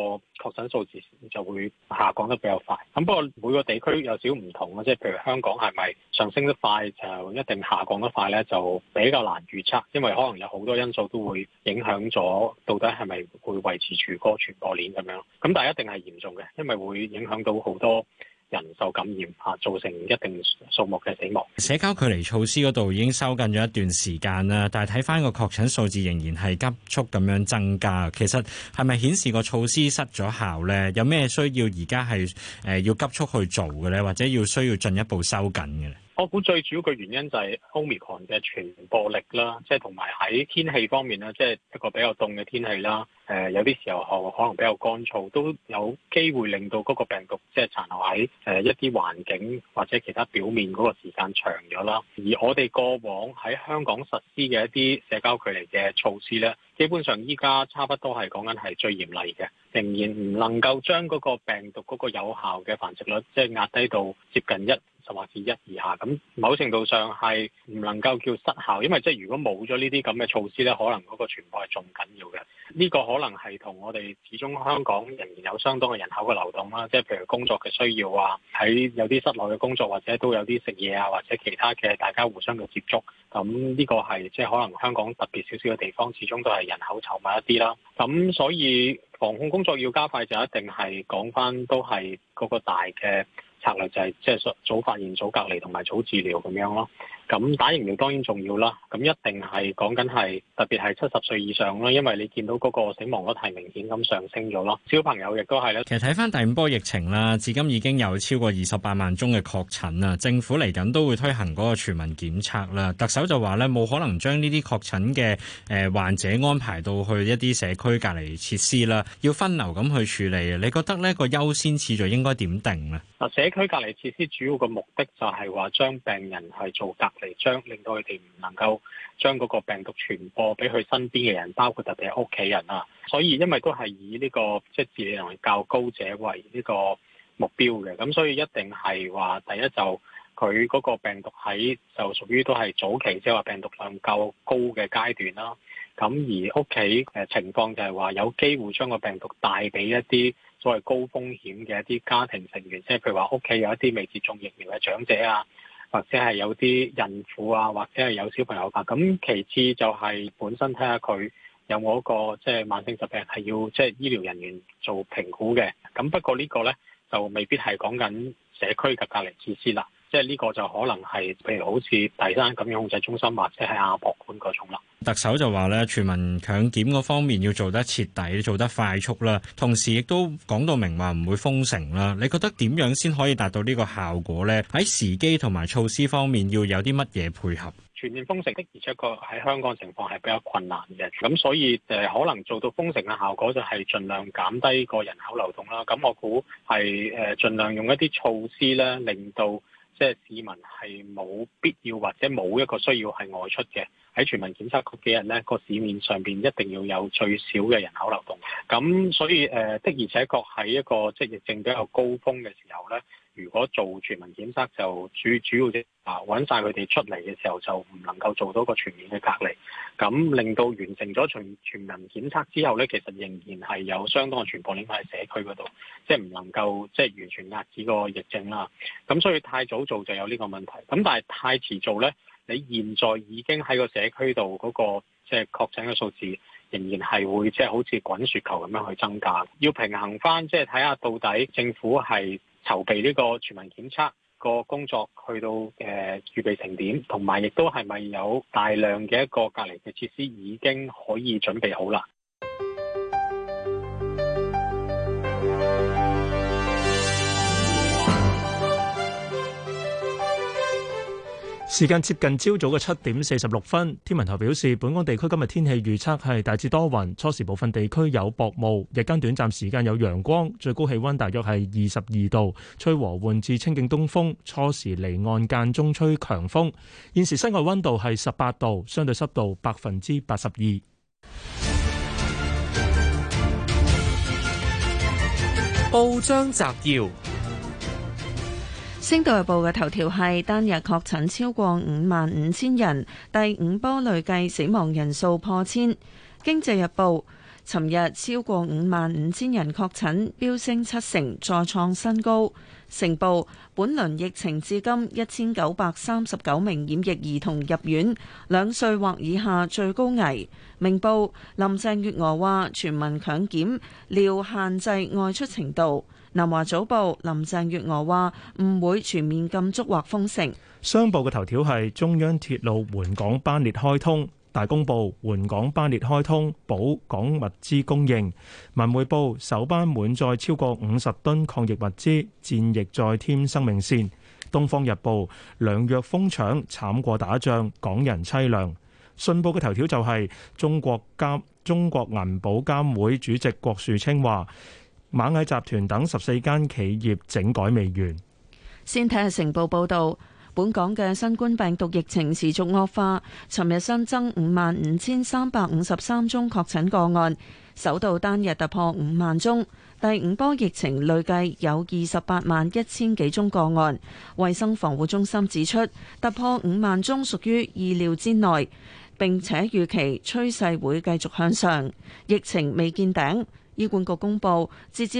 確診數字就會下降得比較快。咁不過每個地區有少唔同咯，即係譬如香港係咪上升得快就一定下降得快咧，就比較難預測，因為可能有好多因素都會影響咗到底係咪會維持住嗰個傳播鏈。咁樣，咁但係一定係嚴重嘅，因為會影響到好多人受感染，吓，造成一定數目嘅死亡。社交距離措施嗰度已經收緊咗一段時間啦，但係睇翻個確診數字仍然係急速咁樣增加，其實係咪顯示個措施失咗效咧？有咩需要而家係誒要急速去做嘅咧，或者要需要進一步收緊嘅咧？我估最主要嘅原因就係奧密克戎嘅傳播力啦，即係同埋喺天氣方面啦，即係一個比較凍嘅天氣啦。誒，有啲時候可能比較乾燥，都有機會令到嗰個病毒即係殘留喺誒一啲環境或者其他表面嗰個時間長咗啦。而我哋過往喺香港實施嘅一啲社交距離嘅措施咧，基本上依家差不多係講緊係最嚴厲嘅，仍然唔能夠將嗰個病毒嗰個有效嘅繁殖率即係壓低到接近一。或者一二下，咁某程度上係唔能夠叫失效，因為即係如果冇咗呢啲咁嘅措施咧，可能嗰個傳播係仲緊要嘅。呢、這個可能係同我哋始終香港仍然有相當嘅人口嘅流動啦，即係譬如工作嘅需要啊，喺有啲室內嘅工作或者都有啲食嘢啊，或者其他嘅大家互相嘅接觸，咁呢個係即係可能香港特別少少嘅地方，始終都係人口稠密一啲啦。咁所以防控工作要加快，就一定係講返都係嗰個大嘅。策略就係即係早發現、早隔離同埋早治療咁樣咯。咁打疫苗當然重要啦，咁一定係講緊係特別係七十歲以上啦，因為你見到嗰個死亡率係明顯咁上升咗咯。小朋友亦都係咧，其實睇翻第五波疫情啦，至今已經有超過二十八萬宗嘅確診啦，政府嚟緊都會推行嗰個全民檢測啦。特首就話咧，冇可能將呢啲確診嘅誒患者安排到去一啲社區隔離設施啦，要分流咁去處理。你覺得呢個優先次序應該點定呢？嗱，社區隔離設施主要個目的就係話將病人去做隔嚟將令到佢哋唔能夠將嗰個病毒傳播俾佢身邊嘅人，包括特別係屋企人啊。所以因為都係以呢個即係自理能力較高者為呢個目標嘅，咁所以一定係話第一就佢嗰個病毒喺就屬於都係早期，即係話病毒量較高嘅階段啦。咁而屋企嘅情況就係話有機會將個病毒帶俾一啲所謂高風險嘅一啲家庭成員，即係譬如話屋企有一啲未接種疫苗嘅長者啊。或者係有啲孕婦啊，或者係有小朋友啊。咁其次就係本身睇下佢有冇一個即係慢性疾病，係要即係醫療人員做評估嘅。咁不過呢個呢，就未必係講緊社區嘅隔離設施啦。即係呢個就可能係，譬如好似第三咁樣控制中心，或者係亞博館嗰種啦。特首就話咧，全民強檢嗰方面要做得徹底，做得快速啦。同時亦都講到明話唔會封城啦。你覺得點樣先可以達到呢個效果咧？喺時機同埋措施方面要有啲乜嘢配合？全面封城的，而且確喺香港情況係比較困難嘅。咁所以誒，可能做到封城嘅效果就係盡量減低個人口流動啦。咁我估係誒，儘量用一啲措施咧，令到。即係市民係冇必要或者冇一個需要係外出嘅。喺全民檢測嘅幾日呢，個市面上邊一定要有最少嘅人口流動。咁所以誒，的而且確喺一個即係疫症比較高峰嘅時候呢。如果做全民檢測，就主主要啲啊，揾晒佢哋出嚟嘅時候，就唔能夠做到個全面嘅隔離。咁令到完成咗全全民檢測之後呢，其實仍然係有相當嘅傳播鏈喺社區嗰度，即係唔能夠即係完全壓止個疫症啦。咁所以太早做就有呢個問題，咁但係太遲做呢，你現在已經喺個社區度嗰個即係確診嘅數字，仍然係會即係、就是、好似滾雪球咁樣去增加。要平衡翻，即係睇下到底政府係。籌備呢個全民檢測個工作去到誒、呃、預備成點，同埋亦都係咪有大量嘅一個隔離嘅設施已經可以準備好啦？時間接近朝早嘅七點四十六分，天文台表示，本港地區今日天氣預測係大致多雲，初時部分地區有薄霧，日間短暫時間有陽光，最高氣温大約係二十二度，吹和緩至清勁東風，初時離岸間中吹強風。現時室外温度係十八度，相對濕度百分之八十二。報章摘要。《星島日報》嘅頭條係單日確診超過五萬五千人，第五波累計死亡人數破千。《經濟日報》尋日超過五萬五千人確診，飆升七成，再創新高。《成報》本輪疫情至今一千九百三十九名染疫兒童入院，兩歲或以下最高危。《明報》林鄭月娥話全民強檢，料限制外出程度。南華早報，林鄭月娥話唔會全面禁足或封城。商報嘅頭條係中央鐵路援港班列開通。大公報，援港班列開通，保港物資供應。文匯報，首班滿載超過五十噸抗疫物資，戰役再添生命線。東方日報，糧藥瘋搶，慘過打仗，港人淒涼。信報嘅頭條就係中國監中國銀保監會主席郭樹清話。螞蟻集團等十四間企業整改未完。先睇下成報報道，本港嘅新冠病毒疫情持續惡化，尋日新增五萬五千三百五十三宗確診個案，首度單日突破五萬宗。第五波疫情累計有二十八萬一千幾宗個案。衛生防護中心指出，突破五萬宗屬於意料之內，並且預期趨勢會繼續向上，疫情未見頂。醫管局公布，截至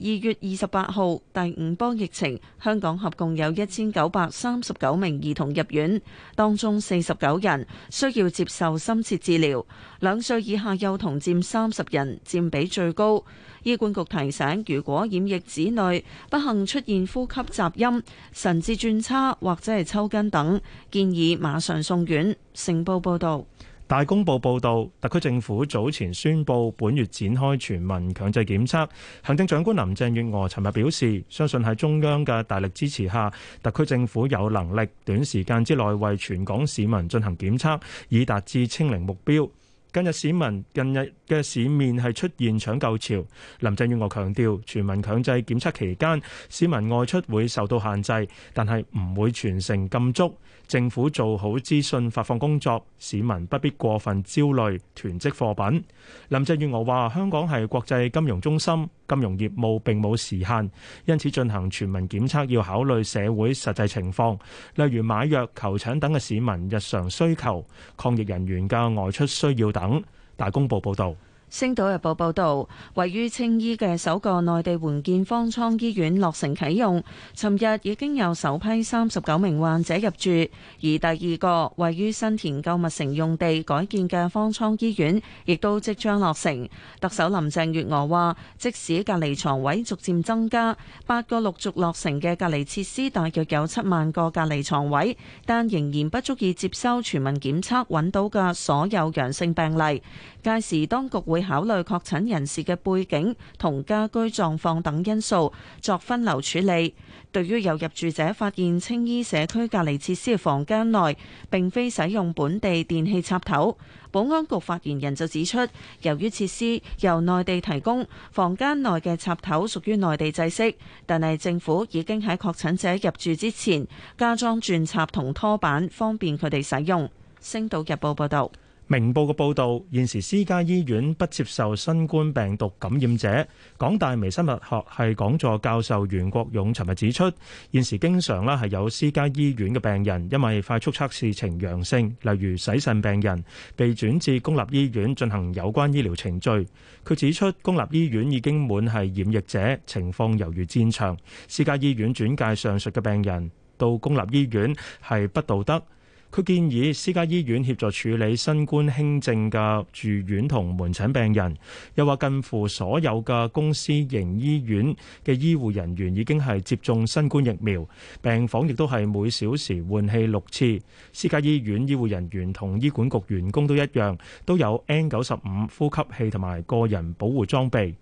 二月二十八號第五波疫情，香港合共有一千九百三十九名兒童入院，當中四十九人需要接受深切治療。兩歲以下幼童佔三十人，佔比最高。醫管局提醒，如果染疫子女不幸出現呼吸雜音、神志轉差或者係抽筋等，建議馬上送院。成報報道。大公報報導，特區政府早前宣布本月展開全民強制檢測。行政長官林鄭月娥尋日表示，相信喺中央嘅大力支持下，特區政府有能力短時間之內為全港市民進行檢測，以達至清零目標。近日市民近日嘅市面係出現搶購潮，林鄭月娥強調，全民強制檢測期間，市民外出會受到限制，但係唔會全城禁足。政府做好資訊發放工作，市民不必過分焦慮囤積貨品。林鄭月娥話：香港係國際金融中心，金融業務並冇時限，因此進行全民檢測要考慮社會實際情況，例如買藥、求診等嘅市民日常需求、抗疫人員嘅外出需要等。大公報報導。星島日報報道，位於青衣嘅首個內地援建方艙醫院落成啟用，尋日已經有首批三十九名患者入住。而第二個位於新田購物城用地改建嘅方艙醫院，亦都即將落成。特首林鄭月娥話，即使隔離床位逐漸增加，八個陸續落成嘅隔離設施大約有七萬個隔離床位，但仍然不足以接收全民檢測揾到嘅所有陽性病例。屆時，當局會考慮確診人士嘅背景同家居狀況等因素，作分流處理。對於有入住者發現青衣社區隔離設施嘅房間內並非使用本地電器插頭，保安局發言人就指出，由於設施由內地提供，房間內嘅插頭屬於內地製式，但係政府已經喺確診者入住之前加裝轉插同拖板，方便佢哋使用。星島日報報道。明報嘅報道，現時私家醫院不接受新冠病毒感染者。港大微生物學系講座教授袁國勇尋日指出，現時經常係有私家醫院嘅病人，因為快速測試呈陽性，例如洗腎病人，被轉至公立醫院進行有關醫療程序。佢指出，公立醫院已經滿係染疫者，情況猶如戰場，私家醫院轉介上述嘅病人，到公立醫院係不道德。佢建議私家醫院協助處理新冠輕症嘅住院同門診病人，又話近乎所有嘅公私營醫院嘅醫護人員已經係接種新冠疫苗，病房亦都係每小時換氣六次。私家醫院醫護人員同醫管局員工都一樣，都有 N 九十五呼吸器同埋個人保護裝備。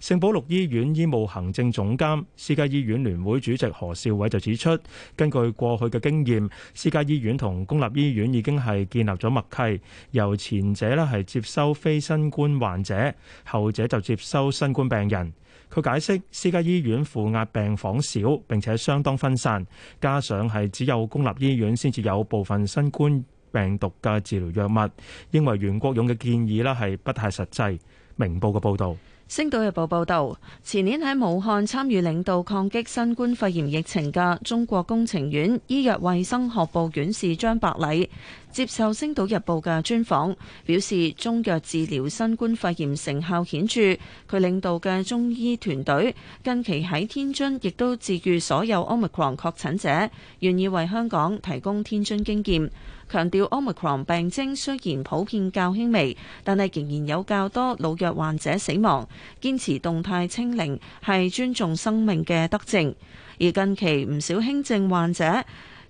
聖保禄醫院醫務行政總監、私家醫院聯會主席何兆煒就指出，根據過去嘅經驗，私家醫院同公立醫院已經係建立咗默契，由前者呢係接收非新冠患者，後者就接收新冠病人。佢解釋，私家醫院負壓病房少，並且相當分散，加上係只有公立醫院先至有部分新冠病毒嘅治療藥物，認為袁國勇嘅建議呢係不太實際。明報嘅報道。星島日報報導，前年喺武漢參與領導抗擊新冠肺炎疫情嘅中國工程院醫藥衛生學部院士張伯禮接受星島日報嘅專訪，表示中藥治療新冠肺炎成效顯著。佢領導嘅中醫團隊近期喺天津亦都治愈所有 Omicron 確診者，願意為香港提供天津經驗。強調，Omicron 病徵雖然普遍較輕微，但係仍然有較多老弱患者死亡。堅持動態清零係尊重生命嘅德政。而近期唔少輕症患者。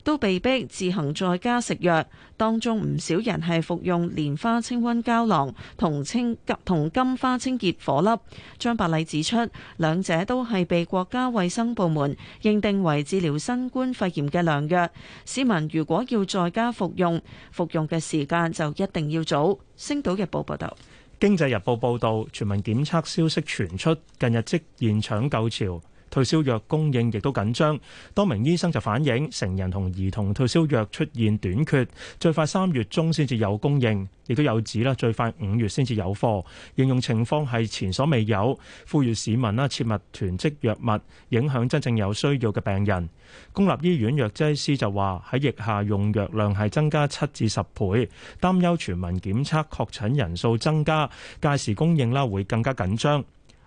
都被逼自行在家食藥，當中唔少人係服用蓮花清瘟膠囊同清同金花清熱顆粒。張伯禮指出，兩者都係被國家衛生部門認定為治療新冠肺炎嘅良藥。市民如果要在家服用，服用嘅時間就一定要早。星島日報報道：經濟日報報道，全民檢測消息傳出，近日即現搶購潮。退燒藥供應亦都緊張，多名醫生就反映成人同兒童退燒藥出現短缺，最快三月中先至有供應，亦都有指啦，最快五月先至有貨。應用情況係前所未有，呼籲市民啦切勿囤積藥物，影響真正有需要嘅病人。公立醫院藥劑師就話喺疫下用藥量係增加七至十倍，擔憂全民檢測確診人數增加，屆時供應啦會更加緊張。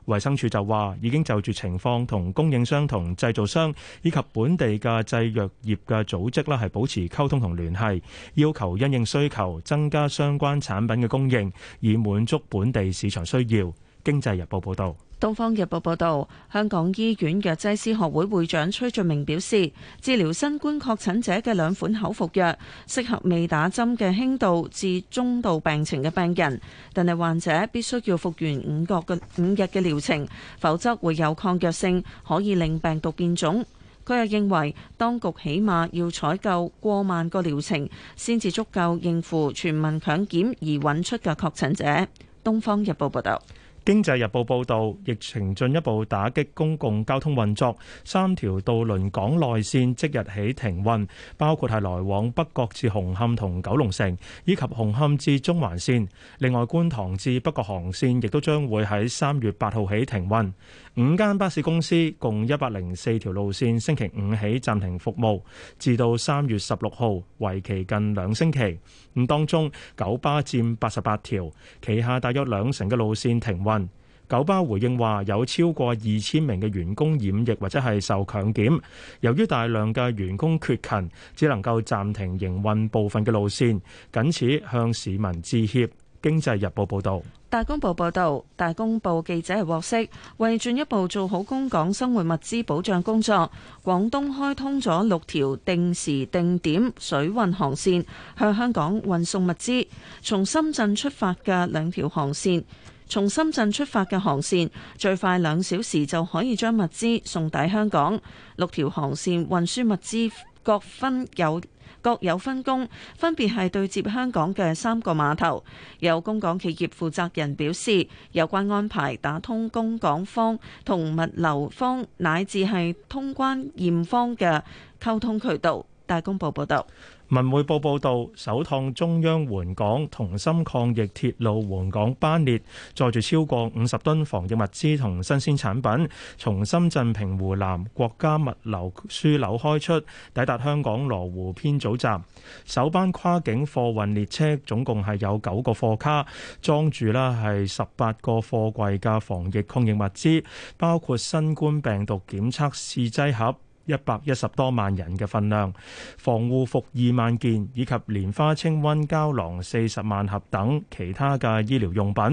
衛生署就話，已經就住情況同供應商、同製造商以及本地嘅製藥業嘅組織咧，係保持溝通同聯繫，要求因應需求增加相關產品嘅供應，以滿足本地市場需要。經濟日報報道。《東方日報》報道，香港醫院藥劑師學會會長崔俊明表示，治療新冠確診者嘅兩款口服藥，適合未打針嘅輕度至中度病情嘅病人，但係患者必須要服完五個嘅五日嘅療程，否則會有抗藥性，可以令病毒變種。佢又認為，當局起碼要採購過萬個療程，先至足夠應付全民強檢而揾出嘅確診者。《東方日報》報道。《經濟日報》報導，疫情進一步打擊公共交通運作，三條渡輪港內線即日起停運，包括係來往北角至紅磡同九龍城，以及紅磡至中環線。另外，觀塘至北角航線亦都將會喺三月八號起停運。五間巴士公司共一百零四條路線，星期五起暫停服務，至到三月十六號，為期近兩星期。咁當中九巴佔八十八條，旗下大約兩成嘅路線停運。九巴回應話，有超過二千名嘅員工染疫或者係受強檢，由於大量嘅員工缺勤，只能夠暫停營運部分嘅路線，謹此向市民致歉。經濟日報報導，大公報報導，大公報記者係獲悉，為進一步做好供港生活物資保障工作，廣東開通咗六條定時定點水運航線，向香港運送物資。從深圳出發嘅兩條航線，從深圳出發嘅航線最快兩小時就可以將物資送抵香港。六條航線運輸物資各分有。各有分工，分別係對接香港嘅三個碼頭。有公港企業負責人表示，有關安排打通公港方同物流方乃至係通關驗方嘅溝通渠道。大公報報道。文匯報報道，首趟中央援港同心抗疫鐵路援港班列，載住超過五十噸防疫物資同新鮮產品，從深圳平湖南國家物流樞紐開出，抵達香港羅湖編組站。首班跨境貨運列車總共係有九個貨卡，裝住啦係十八個貨櫃嘅防疫抗疫物資，包括新冠病毒檢測試劑盒。一百一十多萬人嘅份量，防護服二萬件，以及蓮花清瘟膠囊四十萬盒等其他嘅醫療用品。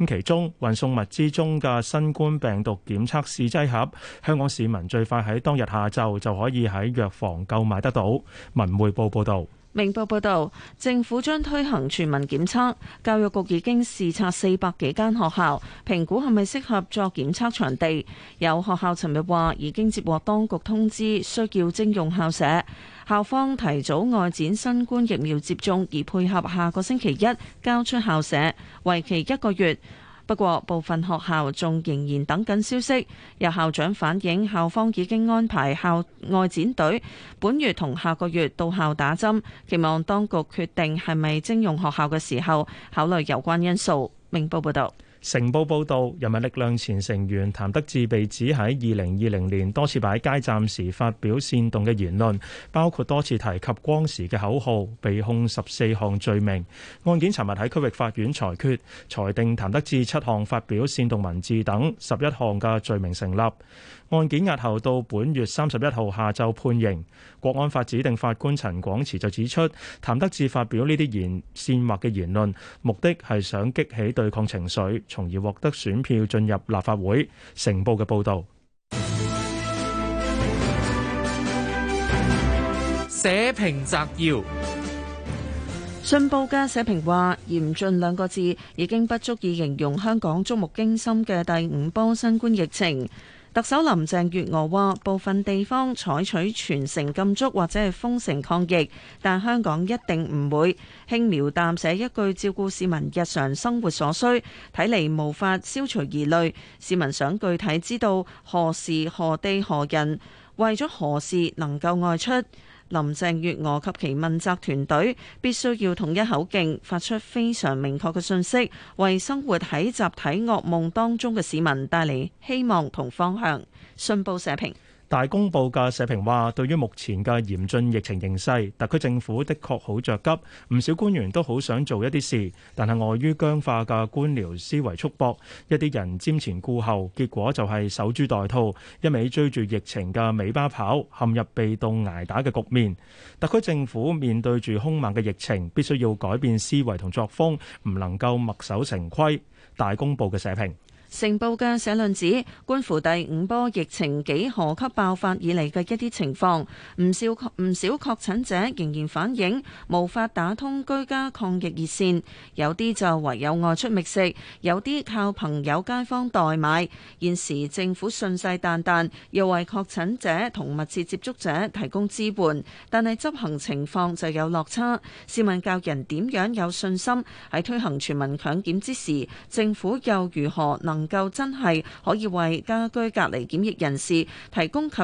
咁其中運送物資中嘅新冠病毒檢測試劑盒，香港市民最快喺當日下晝就可以喺藥房購買得到。文匯報報導。明報報導，政府將推行全民檢測，教育局已經視察四百幾間學校，評估係咪適合作檢測場地。有學校尋日話已經接獲當局通知，需要徵用校舍，校方提早外展新冠疫苗接種，以配合下個星期一交出校舍，為期一個月。不過，部分學校仲仍然等緊消息。有校長反映，校方已經安排校外展隊本月同下個月到校打針，期望當局決定係咪徵用學校嘅時候考慮有關因素。明報報道。成報報導，人民力量前成員譚德志被指喺二零二零年多次擺街站時發表煽動嘅言論，包括多次提及光時嘅口號，被控十四項罪名。案件尋日喺區域法院裁決，裁定譚德志七項發表煽動文字等十一項嘅罪名成立。案件押後到本月三十一號下晝判刑。國安法指定法官陳廣慈就指出，譚德志發表呢啲言煽惑嘅言論，目的係想激起對抗情緒，從而獲得選票進入立法會。成報嘅報道，社評摘要，信報家社評話，嚴峻兩個字已經不足以形容香港觸目驚心嘅第五波新冠疫情。特首林鄭月娥話：部分地方採取全城禁足或者係封城抗疫，但香港一定唔會輕描淡寫一句照顧市民日常生活所需，睇嚟無法消除疑慮。市民想具體知道何時、何地、何人，為咗何事能夠外出。林鄭月娥及其問責團隊必須要統一口徑，發出非常明確嘅訊息，為生活喺集體噩夢當中嘅市民帶嚟希望同方向。信報社評。大公報嘅社評話：對於目前嘅嚴峻疫情形勢，特區政府的確好著急，唔少官員都好想做一啲事，但係礙於僵化嘅官僚思維束縛，一啲人瞻前顧後，結果就係守株待兔，一味追住疫情嘅尾巴跑，陷入被動挨打嘅局面。特區政府面對住兇猛嘅疫情，必須要改變思維同作風，唔能夠墨守成規。大公報嘅社評。成報嘅社論指，觀乎第五波疫情幾何級爆發以嚟嘅一啲情況，唔少唔少確診者仍然反映無法打通居家抗疫熱線，有啲就唯有外出覓食，有啲靠朋友街坊代買。現時政府信誓旦旦，要為確診者同密切接觸者提供支援，但係執行情況就有落差。試問教人點樣有信心喺推行全民強檢之時，政府又如何能能夠真係可以為家居隔離檢疫人士提供及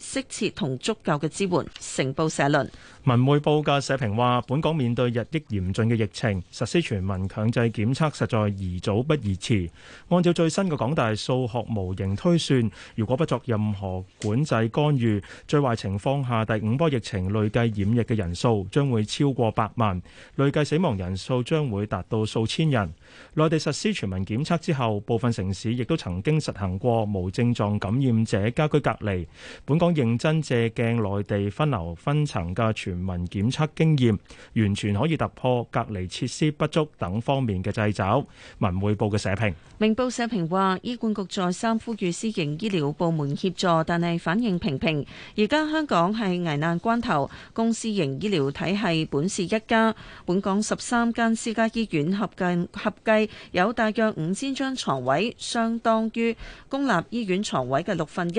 時、適切同足夠嘅支援，成報社論。文匯報嘅社評話，本港面對日益嚴峻嘅疫情，實施全民強制檢測實在宜早不宜遲。按照最新嘅港大數學模型推算，如果不作任何管制干預，最壞情況下第五波疫情累計染疫嘅人數將會超過百萬，累計死亡人數將會達到數千人。內地實施全民檢測之後，部分城市亦都曾經實行過無症狀感染者家居隔離。本港認真借鏡內地分流分層嘅全全民檢測經驗，完全可以突破隔離設施不足等方面嘅掣肘。文匯報嘅社評，明報社評話，醫管局再三呼籲私營醫療部門協助，但係反應平平。而家香港係危難關頭，公私營醫療體系本是一家。本港十三間私家醫院合計合計有大約五千張床位，相當於公立醫院床位嘅六分一。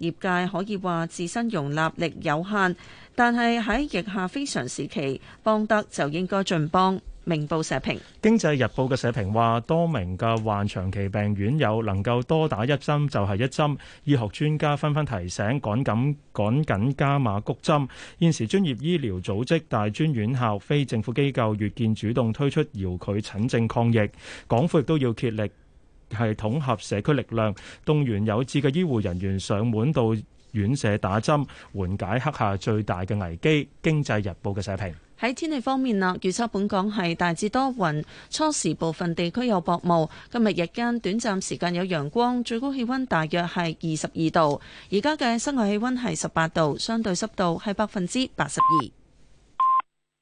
業界可以話自身容納力有限。但係喺疫下非常時期，院舍打針，緩解刻下最大嘅危機。經濟日報嘅社評。喺天氣方面啦，預測本港係大致多雲，初時部分地區有薄霧。今日日間短暫時間有陽光，最高氣温大約係二十二度。而家嘅室外氣温係十八度，相對濕度係百分之八十二。